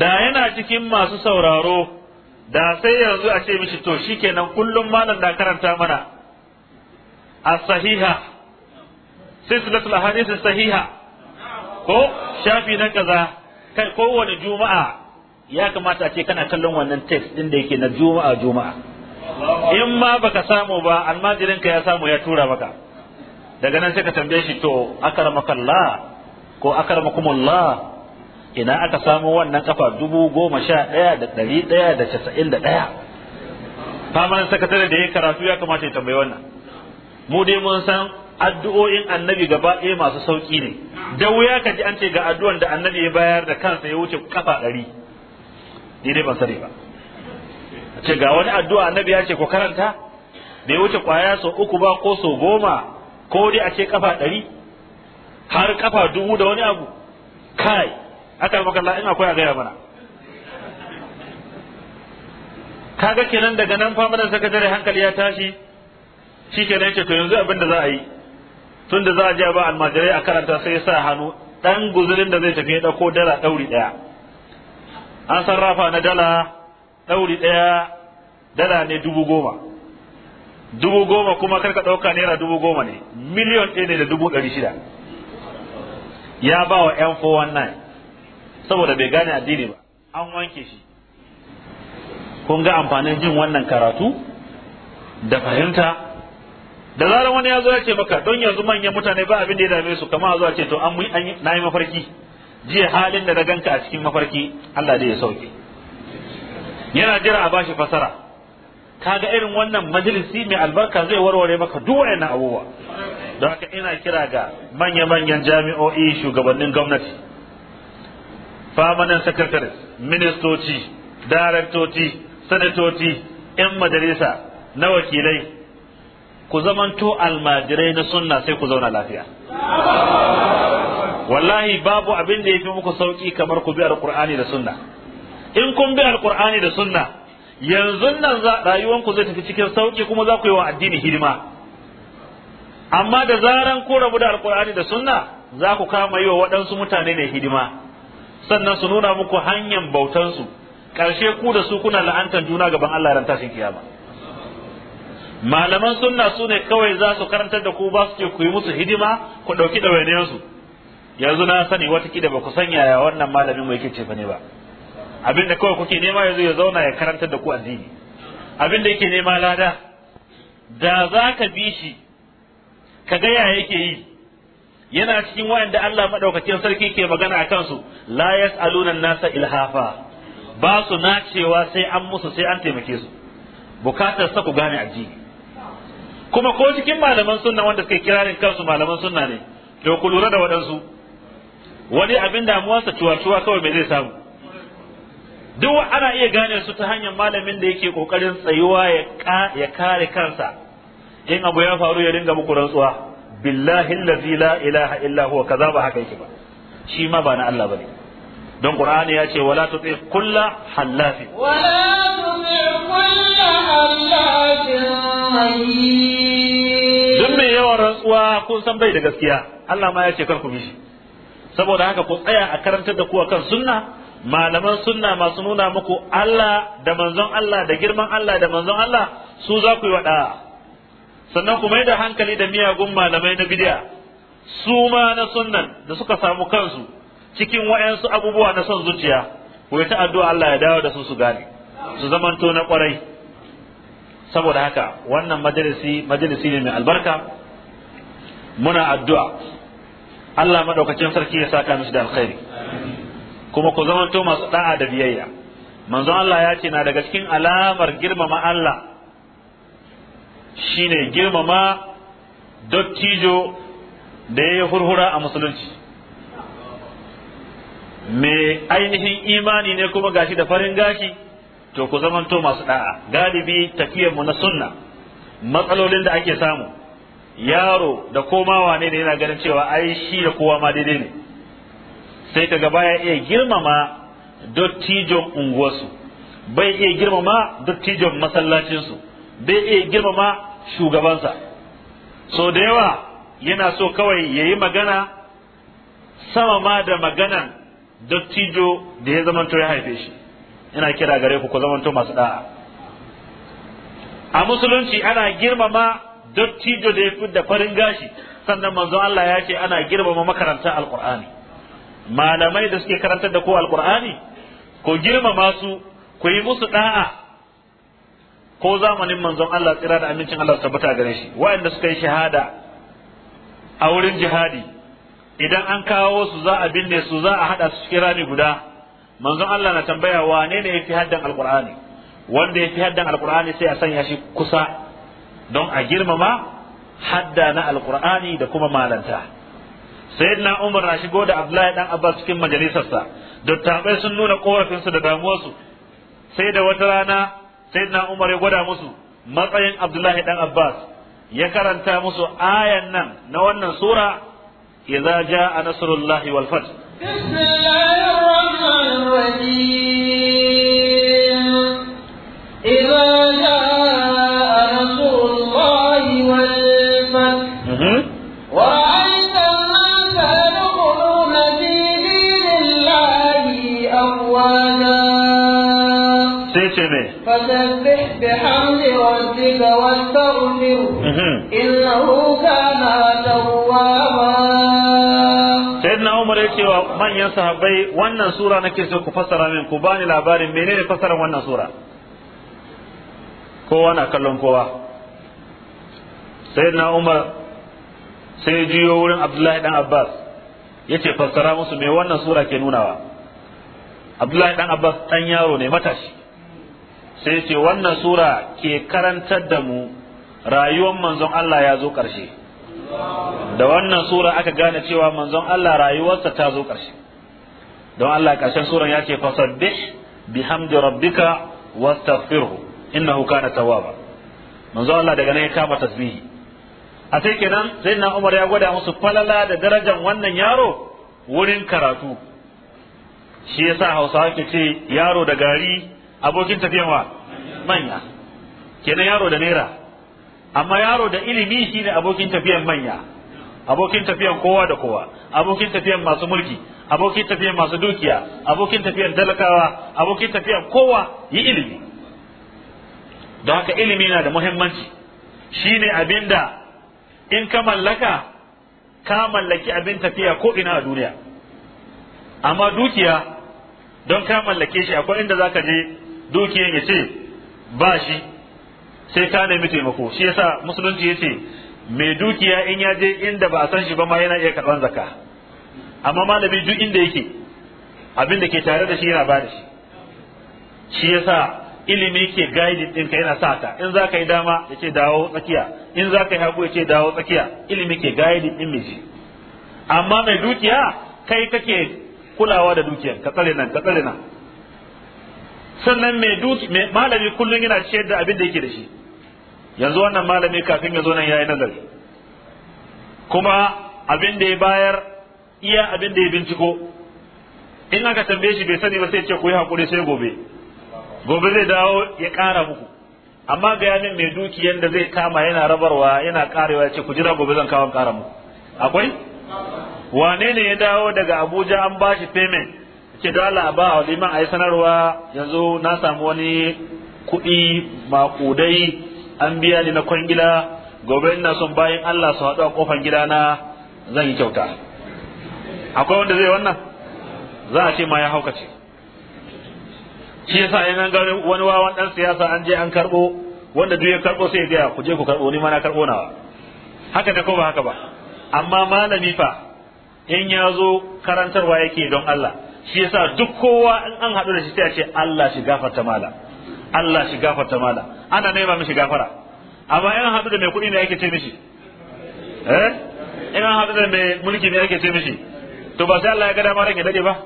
da yana cikin masu sauraro da sai yanzu a ce mishi to shikenan kullum malam da karanta mana as-sahiha silsilatul ahadith as-sahiha ko shafi na kaza kai kowane juma'a ya kamata ce kana kallon wannan text din da yake na juma'a juma'a in ma baka samu ba ka ya samu ya tura maka daga nan sai ka tambaye shi to akramakallah ko akramakumullah ina aka samu wannan kafa dubu goma sha ɗaya da ɗari ɗaya da casa'in da ɗaya famanin sakatare da ya karatu ya kamata ya tambayi wannan mu dai mun san addu'o'in annabi gaba ɗaya masu sauƙi ne da wuya ka ji an ce ga addu'an da annabi ya bayar da kansa ya wuce kafa ɗari daidai ban sani ba A ce ga wani addu'a annabi ya ce ko karanta bai wuce kwaya sau uku ba ko sau goma ko dai a ce kafa ɗari har kafa dubu da wani abu kai aka yi makalla ina koya gaya mana kaga kenan daga nan fama da sakatare hankali ya tashi shi kenan ce to yanzu abin da za a yi tun da za a je ba almajirai a karanta sai sa hannu dan guzurin da zai tafi ya dauko dala dauri daya an sarrafa na dala dauri daya dala ne dubu goma dubu goma kuma karka dauka naira dubu goma ne miliyon ɗaya ne da dubu ɗari shida ya ba wa yan 419 saboda bai gane addini ba an wanke shi kun ga amfanin jin wannan karatu da fahimta da zarar wani ya zo ya ce maka don yanzu manyan mutane ba abin da ya dame su kamar a zo ce to an na yi mafarki jiya halin da na ganka a cikin mafarki Allah da ya sauke yana jira a bashi fasara kaga irin wannan majalisi mai albarka zai warware maka duk wayannan abubuwa don haka ina kira ga manya-manyan jami'o'i shugabannin gwamnati famanan sakatare ministoci daraktoci sanatoci 'yan majalisa na wakilai ku zamanto almajirai na sunna sai ku zauna lafiya wallahi babu abin da ya fi muku sauki kamar ku bi alqur'ani da sunna in kun bi alqur'ani da sunna yanzu nan za rayuwanku zai tafi cikin sauki kuma za ku yi wa addini hidima amma da zaran ku rabu da alqur'ani da sunna za ku kama yi wa waɗansu mutane ne hidima sannan su nuna muku hanyar bautansu ƙarshe ku da su kuna la'antar juna gaban Allah ran tashin kiyama malaman sunna su ne kawai za su karantar da ku ba su ce ku yi musu hidima ku ɗauki ɗawainiyarsu yanzu na sani watakila ba ku sanya ya wannan malamin mai yake fa ba abin da kawai kuke nema yanzu ya zauna ya karantar da ku addini abin da yake nema lada da za ka bi shi ka ga yaya yake yi yana cikin wayanda Allah madaukakin sarki ke magana a kansu la yas'aluna nasa ilhafa ba su nacewa sai an musu sai an taimake su bukatar sa ku gane addini kuma ko cikin malaman sunna wanda suke kirarin kansu malaman sunna ne to ku lura da waɗansu wani abin damuwarsa tuwa tuwa kawai me zai samu duk ana iya gane su ta hanyar malamin da yake kokarin tsayuwa ya kare kansa in abu ya faru ya dinga muku rantsuwa billahi allazi la ilaha illa huwa kaza ba haka yake ba shi ma ba na Allah bane don qur'ani ya ce wala tuti kulla hallafi wala tuti kulla hallafin duk mai yawan rantsuwa kun san bai da gaskiya Allah ma ya ce kar ku bi shi saboda haka ku tsaya a karantar da ku akan sunna malaman sunna masu nuna muku Allah da manzon Allah da girman Allah da manzon Allah su za ku yi wada sannan ku mai da hankali da miyagun malamai na bid'a su ma na sunnan da suka samu kansu cikin wayansu abubuwa na son zuciya ku yi ta addu'a Allah ya dawo da su su gane su zamanto na kwarai saboda haka wannan majalisi majalisi ne mai albarka muna addu'a Allah madaukakin sarki ya saka musu da alkhairi kuma ku zamanto masu da'a da biyayya manzon Allah ya ce na daga cikin alamar girmama Allah shine girmama dottijo da ya hurhura a musulunci mai ainihin imani ne kuma gashi da farin gashi to ku zamanto masu da'a galibi tafiyar mu na sunna matsalolin da ake samu yaro da komawa ne yana ganin cewa ai shi da kowa ma daidai ne sai ta gaba ya iya girmama dottijon unguwarsu bai iya girmama dottijon masallacinsu bai iya girmama shugabansa so da yawa yana so kawai ya yi magana sama ma da maganan dattijo da ya zamanto ya haife shi ina kira gare ku ku zamanto masu da'a a musulunci ana girmama dattijo da ya da farin gashi sannan manzo Allah ya ce ana girmama makaranta alqur'ani malamai da suke karantar da ku alqur'ani ku girmama su ku yi musu da'a ko zamanin manzon Allah tsira da amincin Allah tabbata gare shi waɗanda suka yi shahada a wurin jihadi idan an kawo su za a binne su za a haɗa su cikin rami guda manzon Allah na tambaya wane ne yafi haddan alqur'ani wanda yafi haddan alqur'ani sai a sanya shi kusa don a girmama hadda na alqur'ani da kuma malanta sayyidina Umar na shigo da Abdullahi dan Abbas cikin majalisarsa dattabai sun nuna korafin su da damuwarsu sai da wata rana sayyidina Umar ya gwada musu matsayin Abdullahi dan Abbas ya karanta musu ayan nan na wannan sura idza jaa nasrullahi wal fath bismillahir فسبح بحمد ربك واستغفر إنه كان توابا سيدنا عمر ya wa manyan sahabbai wannan sura nake so ku fassara min ku bani labarin menene fassarar wannan sura kowa na kallon kowa sayyidina Umar sai jiyo wurin Abdullahi dan Abbas yace fassara musu me wannan sura ke nunawa Abdullahi dan Abbas dan yaro ne matashi sai ce wannan sura ke karantar da mu rayuwar manzon Allah ya zo ƙarshe da wannan sura aka gane cewa manzon Allah rayuwarsa ta zo ƙarshe don Allah ƙarshen suran ya ce fasabbih bihamdi rabbika wastaghfirhu innahu kana tawwaba manzon Allah daga nan ya kama tasbihi a sai kenan sai na Umar ya gwada musu falala da darajar wannan yaro wurin karatu shi yasa Hausawa ke ce yaro da gari abokin tafiyan wa manya kenan yaro da naira amma yaro da ilimi shine abokin tafiyan manya abokin tafiyan kowa da kowa abokin tafiyan masu mulki abokin tafiyan masu dukiya abokin tafiyan talakawa abokin tafiyan kowa yi ilimi don haka ilimi na da muhimmanci shine abinda in ka mallaka ka mallaki abin tafiya ko ina a duniya amma dukiya don ka mallake shi akwai inda zaka je Dukiyan ya ce ba shi sai ka nemi taimako shi yasa musulunci ya ce mai dukiya in ya je inda ba a san shi ba ma yana iya karɓar zakka amma malami duk inda yake abin da ke tare da shi yana ba da shi shi yasa ilimi ke guided ka yana sa ta in za ka yi dama ya ce dawo tsakiya in za ka yi hagu ya ce dawo tsakiya ilimi ke guided ɗin amma mai dukiya kai kake kulawa da dukiyar ka tsare nan ka tsare nan sannan mai duki mai malami kullum yana ciyar da abin da yake da shi yanzu wannan malami kafin ya zo nan yayi nazari kuma abin da ya bayar iya abin da ya binciko in aka tambaye shi bai sani ba sai ce ku yi hakuri sai gobe gobe zai dawo ya kara muku amma ga yamin mai duki yanda zai kama yana rabarwa yana karewa ce ku jira gobe zan kawo ƙara muku akwai wane ne ya dawo daga Abuja an bashi payment ce da Allah ba a ayi sanarwa yanzu na samu wani kuɗi makudai an biya ni na kwangila gobe ina son bayan Allah su haɗu a kofan gidana zan yi kyauta akwai wanda zai wannan za a ce ma ya haukace shi yasa in an gari wani wawan dan siyasa an je an karɓo wanda duk ya karɓo sai ya ku je ku karɓo ni ma na karɓo nawa haka ta ko ba haka ba amma malami fa in ya zo karantarwa yake don Allah shi yasa duk kowa in an haɗu da shi sai a ce Allah shi gafarta mala Allah shi gafarta mala ana nema mishi gafara amma in haɗu da mai kuɗi ne yake ce mishi eh in an haɗu da mai mulki ne yake ce mishi to ba sai Allah ya ga dama ran ya dade ba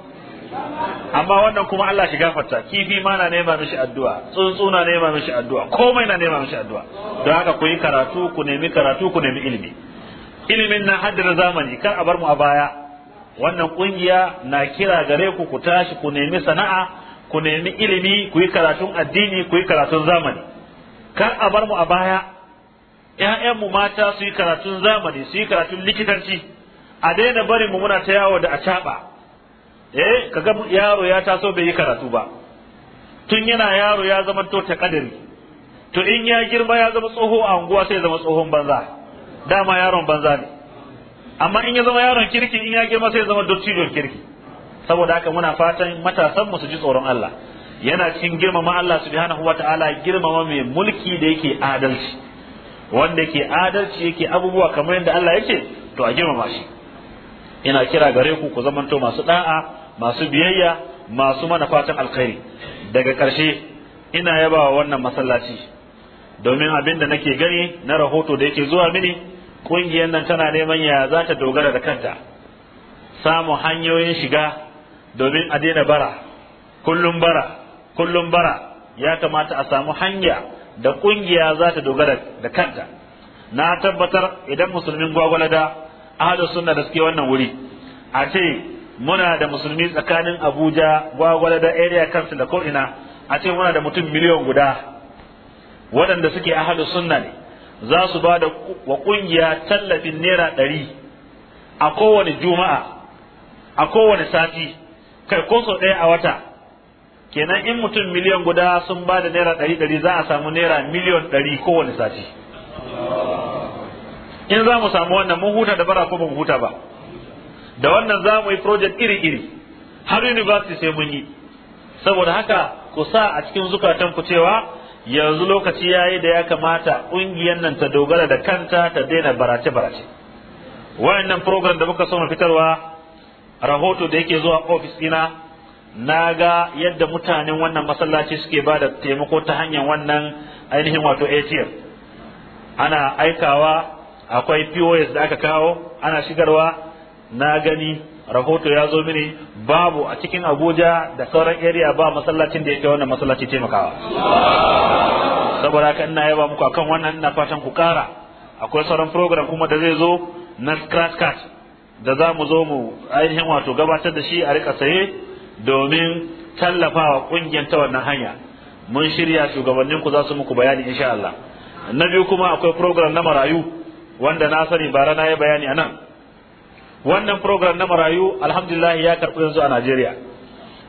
amma wannan kuma Allah shi gafarta kifi ma na nema mishi addu'a tsuntsu na nema mishi addu'a komai na nema mishi addu'a don haka ku yi karatu ku nemi karatu ku nemi ilimi ilimin na haddar zamani kar a bar mu a baya wannan kungiya na kira gare ku ku tashi ku nemi sana'a ku nemi ilimi ku yi karatun addini ku yi karatun zamani kar a bar mu a baya mu mata su yi karatun zamani su yi karatun likitanci a daina barin mu muna ta yawo da acaɓa eh kaga yaro ya taso bai yi karatu ba tun yana yaro ya zama to ta kadari to in ya girma ya zama tsoho a unguwa sai ya zama tsohon banza dama yaron banza ne amma in ya zama yaron kirki in ya girma sai ya zama dottijon kirki saboda haka muna fatan matasan mu su ji tsoron Allah yana cikin girmama Allah subhanahu wataala girmama mai mulki da yake adalci wanda yake adalci yake abubuwa kamar yadda Allah yake to a girmama shi ina kira gare ku ku zamanto masu da'a masu biyayya masu mana fatan alkhairi daga karshe ina yaba wannan masallaci domin abin da nake gani na rahoto da yake zuwa mini ƙungiyar nan tana neman ya za ta dogara da kanta samu hanyoyin shiga domin a daina bara kullum bara kullum bara ya kamata a samu hanya da ƙungiya za ta dogara da kanta na tabbatar idan musulmin gwagwalada ahadu sunna da suke wannan wuri a ce muna da musulmi tsakanin abuja gwagwalada area council da ko'ina a ce muna da mutum miliyan guda waɗanda suke ahadu sunna ne za su ba da wa kungiya tallafin naira ɗari a kowane juma'a a kowane sati kai ko sau ɗaya a wata kenan in mutum miliyan guda sun ba da naira ɗari ɗari za a samu naira miliyon ɗari kowane sati in za mu samu wannan mun huta da bara ko ba mu huta ba da wannan za mu yi project iri-iri har university sai mun yi saboda haka ku sa a cikin zukatan ku cewa yanzu lokaci ya yi da ya kamata ƙungiyar nan ta dogara da kanta ta daina barace barace wayannan program da muka so mu fitarwa rahoto da yake zuwa ofis ina na ga yadda mutanen wannan masallaci suke ba da taimako ta hanyar wannan ainihin wato ATM ana aikawa akwai POS da aka kawo ana shigarwa na gani rahoto ya zo mini babu a cikin Abuja da sauran area ba masallacin da yake wannan masallaci taimakawa saboda haka ina yaba muku akan wannan ina fatan ku kara akwai sauran program kuma da zai zo na scratch card da za mu zo mu ainihin wato gabatar da shi a rika saye domin tallafawa kungiyar ta wannan hanya mun shirya shugabannin ku za su muku bayani insha Allah na biyu kuma akwai program na marayu wanda na sani bara na yi bayani anan wannan program na marayu alhamdulillah ya karɓi yanzu a Najeriya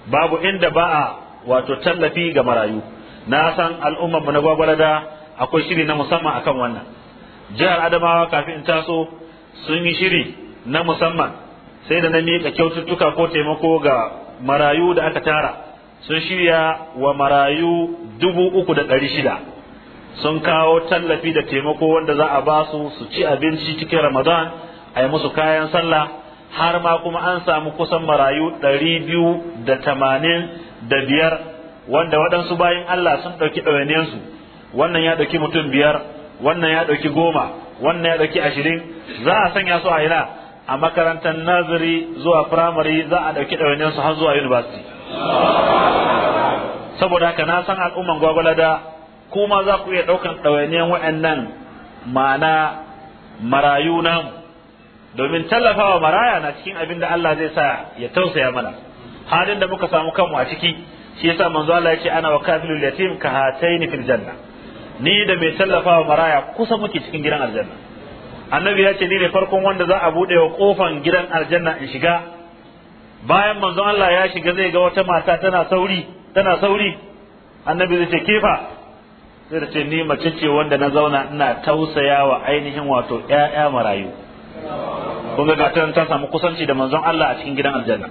babu inda ba a wato tallafi ga marayu na san al'ummar mu na gwagwalada akwai shiri na musamman akan wannan jihar Adamawa kafin in taso sun yi shiri na musamman sai da na miƙa kyaututtuka ko taimako ga marayu da aka tara sun shirya wa marayu dubu uku da ɗari shida sun kawo tallafi da taimako wanda za a ba su su ci abinci cikin ramadan a yi musu kayan sallah har ma kuma an samu kusan marayu ɗari biyu da tamanin da biyar wanda waɗansu bayan Allah sun ɗauki ɗawainiyarsu wannan ya ɗauki mutum biyar wannan ya ɗauki goma wannan ya ɗauki ashirin za a sanya su a ina a makarantar naziri zuwa firamare za a ɗauki ɗawainiyarsu har zuwa university saboda haka na san al'umman gwagwalada kuma za ku iya ɗaukan ɗawainiyar waɗannan ma'ana marayu namu domin tallafawa maraya na cikin abin da Allah zai sa ya tausaya mana halin da muka samu kanmu a ciki shi yasa manzo Allah ya ana wa kafilul yatim ka hataini fil janna ni da mai tallafawa maraya kusa muke cikin gidan aljanna annabi ya ce ni ne farkon wanda za a bude wa kofan gidan aljanna in shiga bayan manzo Allah ya shiga zai ga wata mata tana sauri tana sauri annabi zai ce kefa sai da ce ni mace ce wanda na zauna ina tausayawa ainihin wato ƴaƴa marayu kun ga ta samu kusanci da manzon Allah a cikin gidan aljanna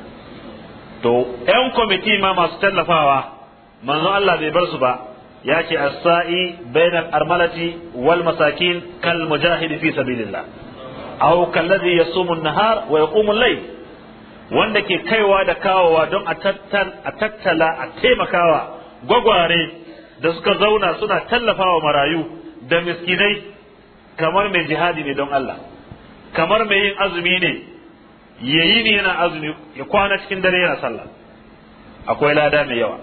to yan kwamiti ma masu tallafawa manzon Allah bai bar su ba ya ce as-sa'i bainal armalati wal masakin kal mujahid fi sabilillah aw kal ladhi yasumu an-nahar wa yaqumu al-layl wanda ke kaiwa da kawowa don a tattala a taimakawa gwagware da suka zauna suna tallafawa marayu da miskinai kamar mai jihadi ne don Allah kamar mai yin azumi ne ya yi ne yana azumi ya kwana cikin dare yana sallah akwai lada mai yawa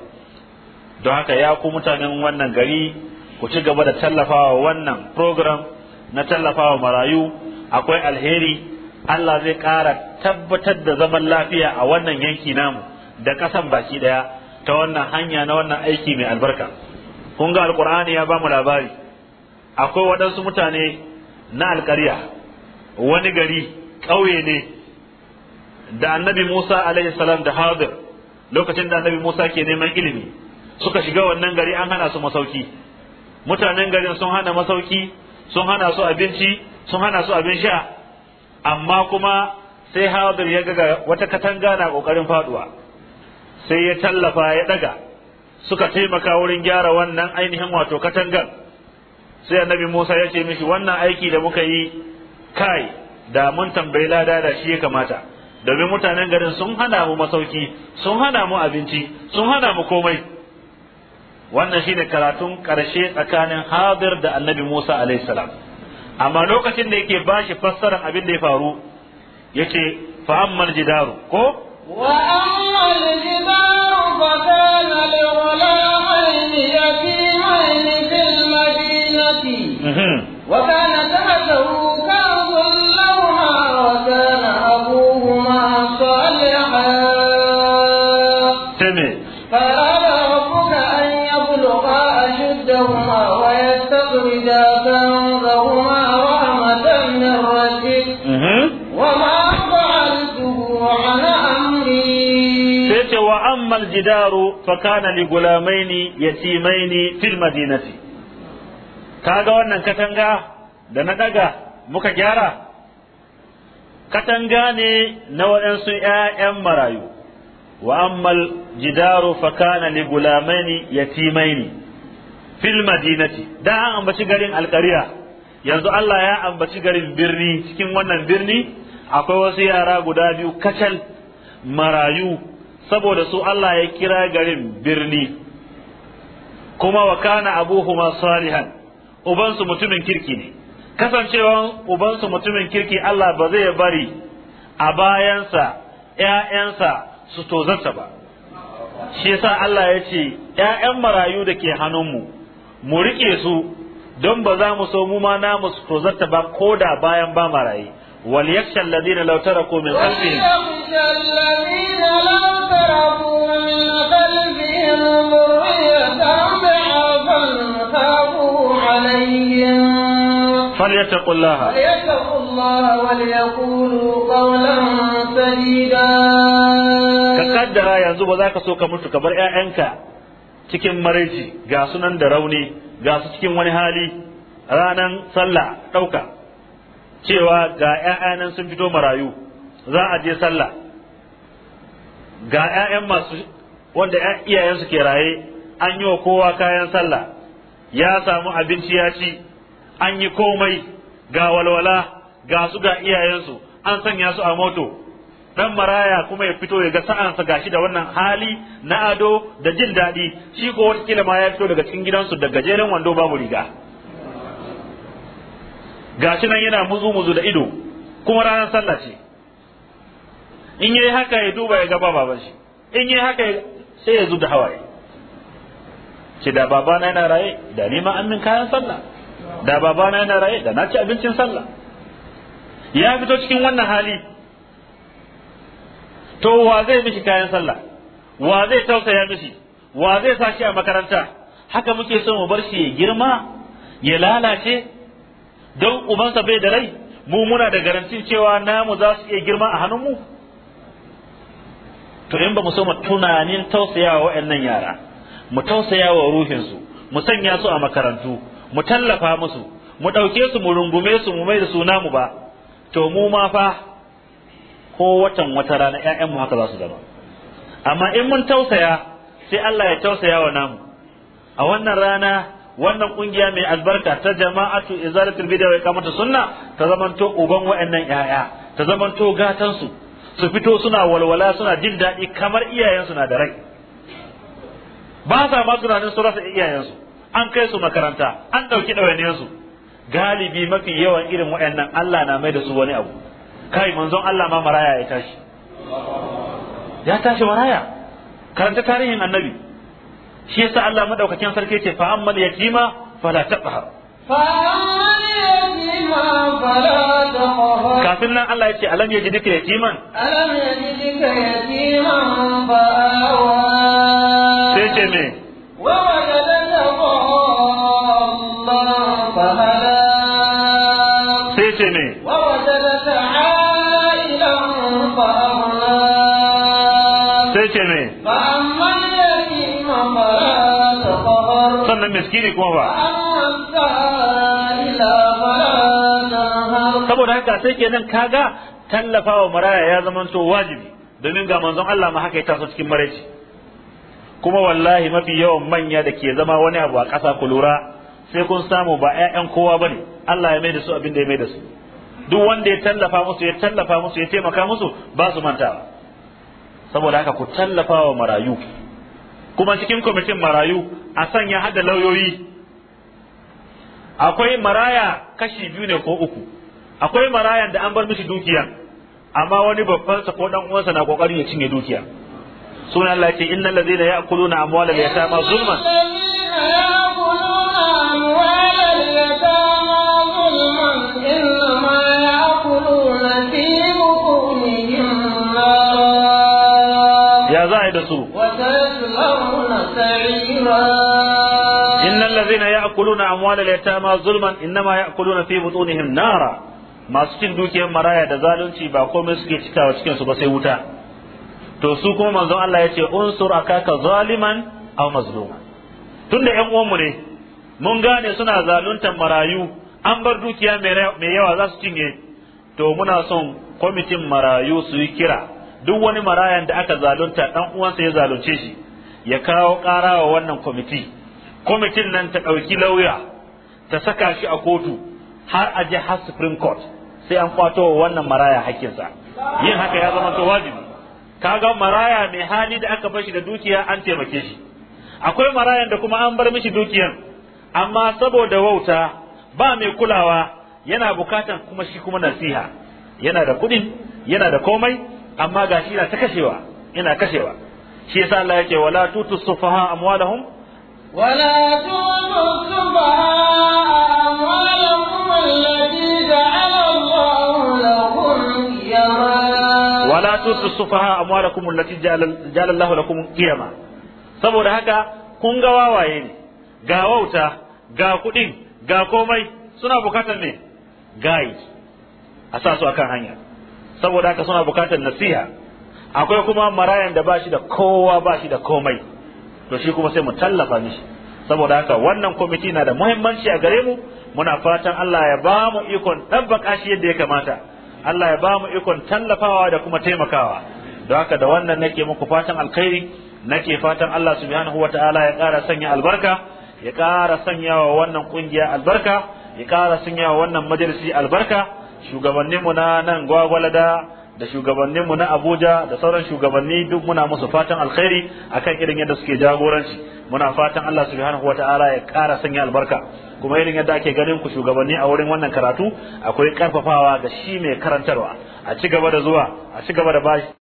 don haka ya ku mutanen wannan gari ku ci gaba da tallafawa wannan program na tallafawa marayu akwai alheri Allah zai ƙara tabbatar da zaman lafiya a wannan yanki namu da ƙasan baki ɗaya ta wannan hanya na wannan aiki mai albarka kun ga alƙur'ani ya ba mu labari akwai waɗansu mutane na alƙarya wani gari ƙauye ne da annabi Musa alaihi salam da Hadir lokacin da annabi Musa ke neman ilimi suka shiga wannan gari an hana su masauki mutanen garin sun hana masauki sun hana su abinci sun hana su abin sha amma kuma sai Hadir ya ga wata katanga na kokarin faduwa sai ya tallafa ya daga suka taimaka wurin gyara wannan ainihin wato katangar sai annabi Musa ya ce mishi wannan aiki da muka yi kai da mun tambayi lada da shi ya kamata domin mutanen garin sun hana mu masauki sun hana mu abinci sun hana mu komai wannan shine karatun karshe tsakanin hadir da annabi Musa alaihi salam amma lokacin da yake bashi fassarar abin da ya faru yace fa ammal jidaru ko wa ammal jidaru fa kana li ghulamayn yatimayn fil madinati mhm. wa kana tahtahu الجدار فكان لغلامين يتيمين في المدينة kaga wannan katanga da na daga muka gyara katanga ne na waɗansu ‘ya'yan marayu wa ammal jidaru fa li gulamaini yatimaini fil madinati da an ambaci garin Alkariya, yanzu Allah ya ambaci garin birni cikin wannan birni akwai wasu yara guda biyu kacal marayu saboda su Allah ya kira garin birni kuma wa kana abuhuma salihan ubansu mutumin kirki ne kasancewan ubansu mutumin kirki Allah ba zai bari a bayansa ‘ya'yansa su tozarta ba shi yasa Allah ya ce ‘ya'yan marayu da ke hannunmu mu riƙe su don ba za mu so mu ma namu su tozarta ba ko da bayan ba marayi وليخشى الذين لو تركوا من خلفهم وليخشى الذين لو تركوا من خلفهم ذرية ضعفا خافوا عليهم فليتقوا الله فليتقوا الله وليقولوا قولا سديدا كقدر cikin maraici ga sunan da rauni ga su cikin wani hali ranan sallah ɗauka cewa ga nan sun fito marayu za a je sallah ga 'ya'yan masu wanda iyayensu ke raye an yi wa kowa kayan sallah ya samu abinci ya ci an yi komai ga walwala ga su ga iyayensu an sanya su a moto dan maraya kuma ya fito ya ga sa'ansa gashi da wannan hali na ado da jin daɗi shi ko wata ma ya fito daga cikin gidansu da gajeren wando babu riga gashi nan yana muzu muzu da ido kuma ranar sallah ce in yayi haka ya duba ya ga baban shi in yayi haka sai ya da hawaye ce da babana yana raye da ni ma an min kayan sallah da babana yana raye da na ci abincin sallah ya fito cikin wannan hali to wa zai mishi kayan sallah wa zai tausaya mishi wa zai sa shi a makaranta haka muke so mu bar shi ya girma ya lalace don ubansa bai da rai mu muna da garantin cewa namu za su iya girma a hannunmu to in ba mu so mu tunanin tausayawa waɗannan yara mu tausayawa ruhinsu mu sanya su a makarantu mu tallafa musu mu ɗauke su mu rungume su mu mai da su namu ba to mu ma fa ko watan wata rana ƴaƴanmu haka za su zama amma in mun tausaya sai Allah ya tausaya wa namu a wannan rana wannan kungiya mai albarka ta jama'atu izalatul bid'a wa iqamatu sunna ta zamanto uban wa'annan yaya ta zamanto gatan su su fito suna walwala suna jin daɗi kamar iyayen su na da rai ba sa ma suna su rasa iyayen su an kai su makaranta an ɗauki ɗawainiyar su galibi mafi yawan irin wa'annan Allah na mai da su wani abu kai manzon Allah ma maraya ya tashi ya tashi maraya karanta tarihin annabi shi yasa Allah madaukakin sarki ce fa ammal yatima fala taqhar kafin nan Allah ya ce alam yajidika yatiman alam yajidika yatiman fa awa sai ce me wa wajadaka Allah fa wannan miskini kuma ba saboda haka sai kenan kaga tallafawa maraya ya to wajibi domin ga manzon Allah ma haka ya taso cikin maraici kuma wallahi mafi yawan manya da ke zama wani abu a ƙasa ku lura sai kun samu ba 'ya'yan kowa bane Allah ya mai da su abin da ya mai da su duk wanda ya tallafa musu ya tallafa musu ya taimaka musu ba su mantawa saboda haka ku tallafa wa marayu kuma cikin kwamitin marayu a sanya hada lauyoyi akwai maraya kashi biyu ne ko uku akwai marayan da an bar mishi dukiya amma wani babban sa ko dan uwansa na kokarin ya cinye dukiya sunan Allah ya ce innal ladzina ya'kuluna amwalal yatama zulman يأكلون في yi da su innal ladhina ya'kuluna amwalal yatama zulman innama ya'kuluna fi butunihim nara masu cin dukiyar maraya da zalunci ba komai suke cikawa cikin su ba sai wuta to su kuma manzon Allah ya ce unsur akaka zaliman aw mazluma tunda uwan mu ne mun gane suna zaluntar marayu an bar dukiya mai yawa za su cinye to muna son kwamitin marayu su yi kira duk wani marayan da aka zalunta dan uwansa ya zalunce shi ya kawo kara wa wannan kwamiti kwamitin nan ta ɗauki lauya ta saka shi a kotu har a je har supreme court sai an kwato wa wannan maraya hakkinsa yin haka ya zama to wajibi kaga maraya mai hali da aka bashi da dukiya an taimake shi akwai marayan da kuma an bar mishi dukiyan amma saboda wauta ba mai kulawa yana bukatan kuma shi kuma nasiha yana da kuɗin yana da komai amma ga shi na ta kashewa ina kashewa shi yasa Allah yake wala tutu sufaha amwalahum Wala tutu sufaha أموالكم التي ja'ala الله lahum قيما ولا تؤتوا السفهاء أموالكم التي جعل, جعل الله لكم saboda haka kun ga wawaye ne ga wauta ga kuɗin ga komai suna bukatar ne gai a sa su akan hanya saboda haka suna bukatar nasiha akwai kuma marayan da bashi da kowa bashi da komai to shi kuma sai mu tallafa mishi saboda haka wannan kwamiti na da muhimmanci a gare mu muna fatan Allah ya ba mu ikon tabbaka shi yadda ya kamata Allah ya ba mu ikon tallafawa da kuma taimakawa don haka da wannan nake muku fatan alkhairi nake fatan Allah subhanahu wataala ya ƙara sanya albarka ya ƙara sanyawa wannan kungiya albarka ya ƙara sanyawa wannan majalisi albarka shugabanninmu na nan gwagwalada da shugabanninmu na Abuja da sauran shugabanni duk muna musu fatan alkhairi akan irin yadda suke jagoranci muna fatan Allah subhanahu wataala ya kara sanya albarka kuma irin yadda ake ganin ku shugabanni a wurin wannan karatu akwai karfafawa ga shi mai karantarwa a ci gaba da zuwa a ci gaba da bashi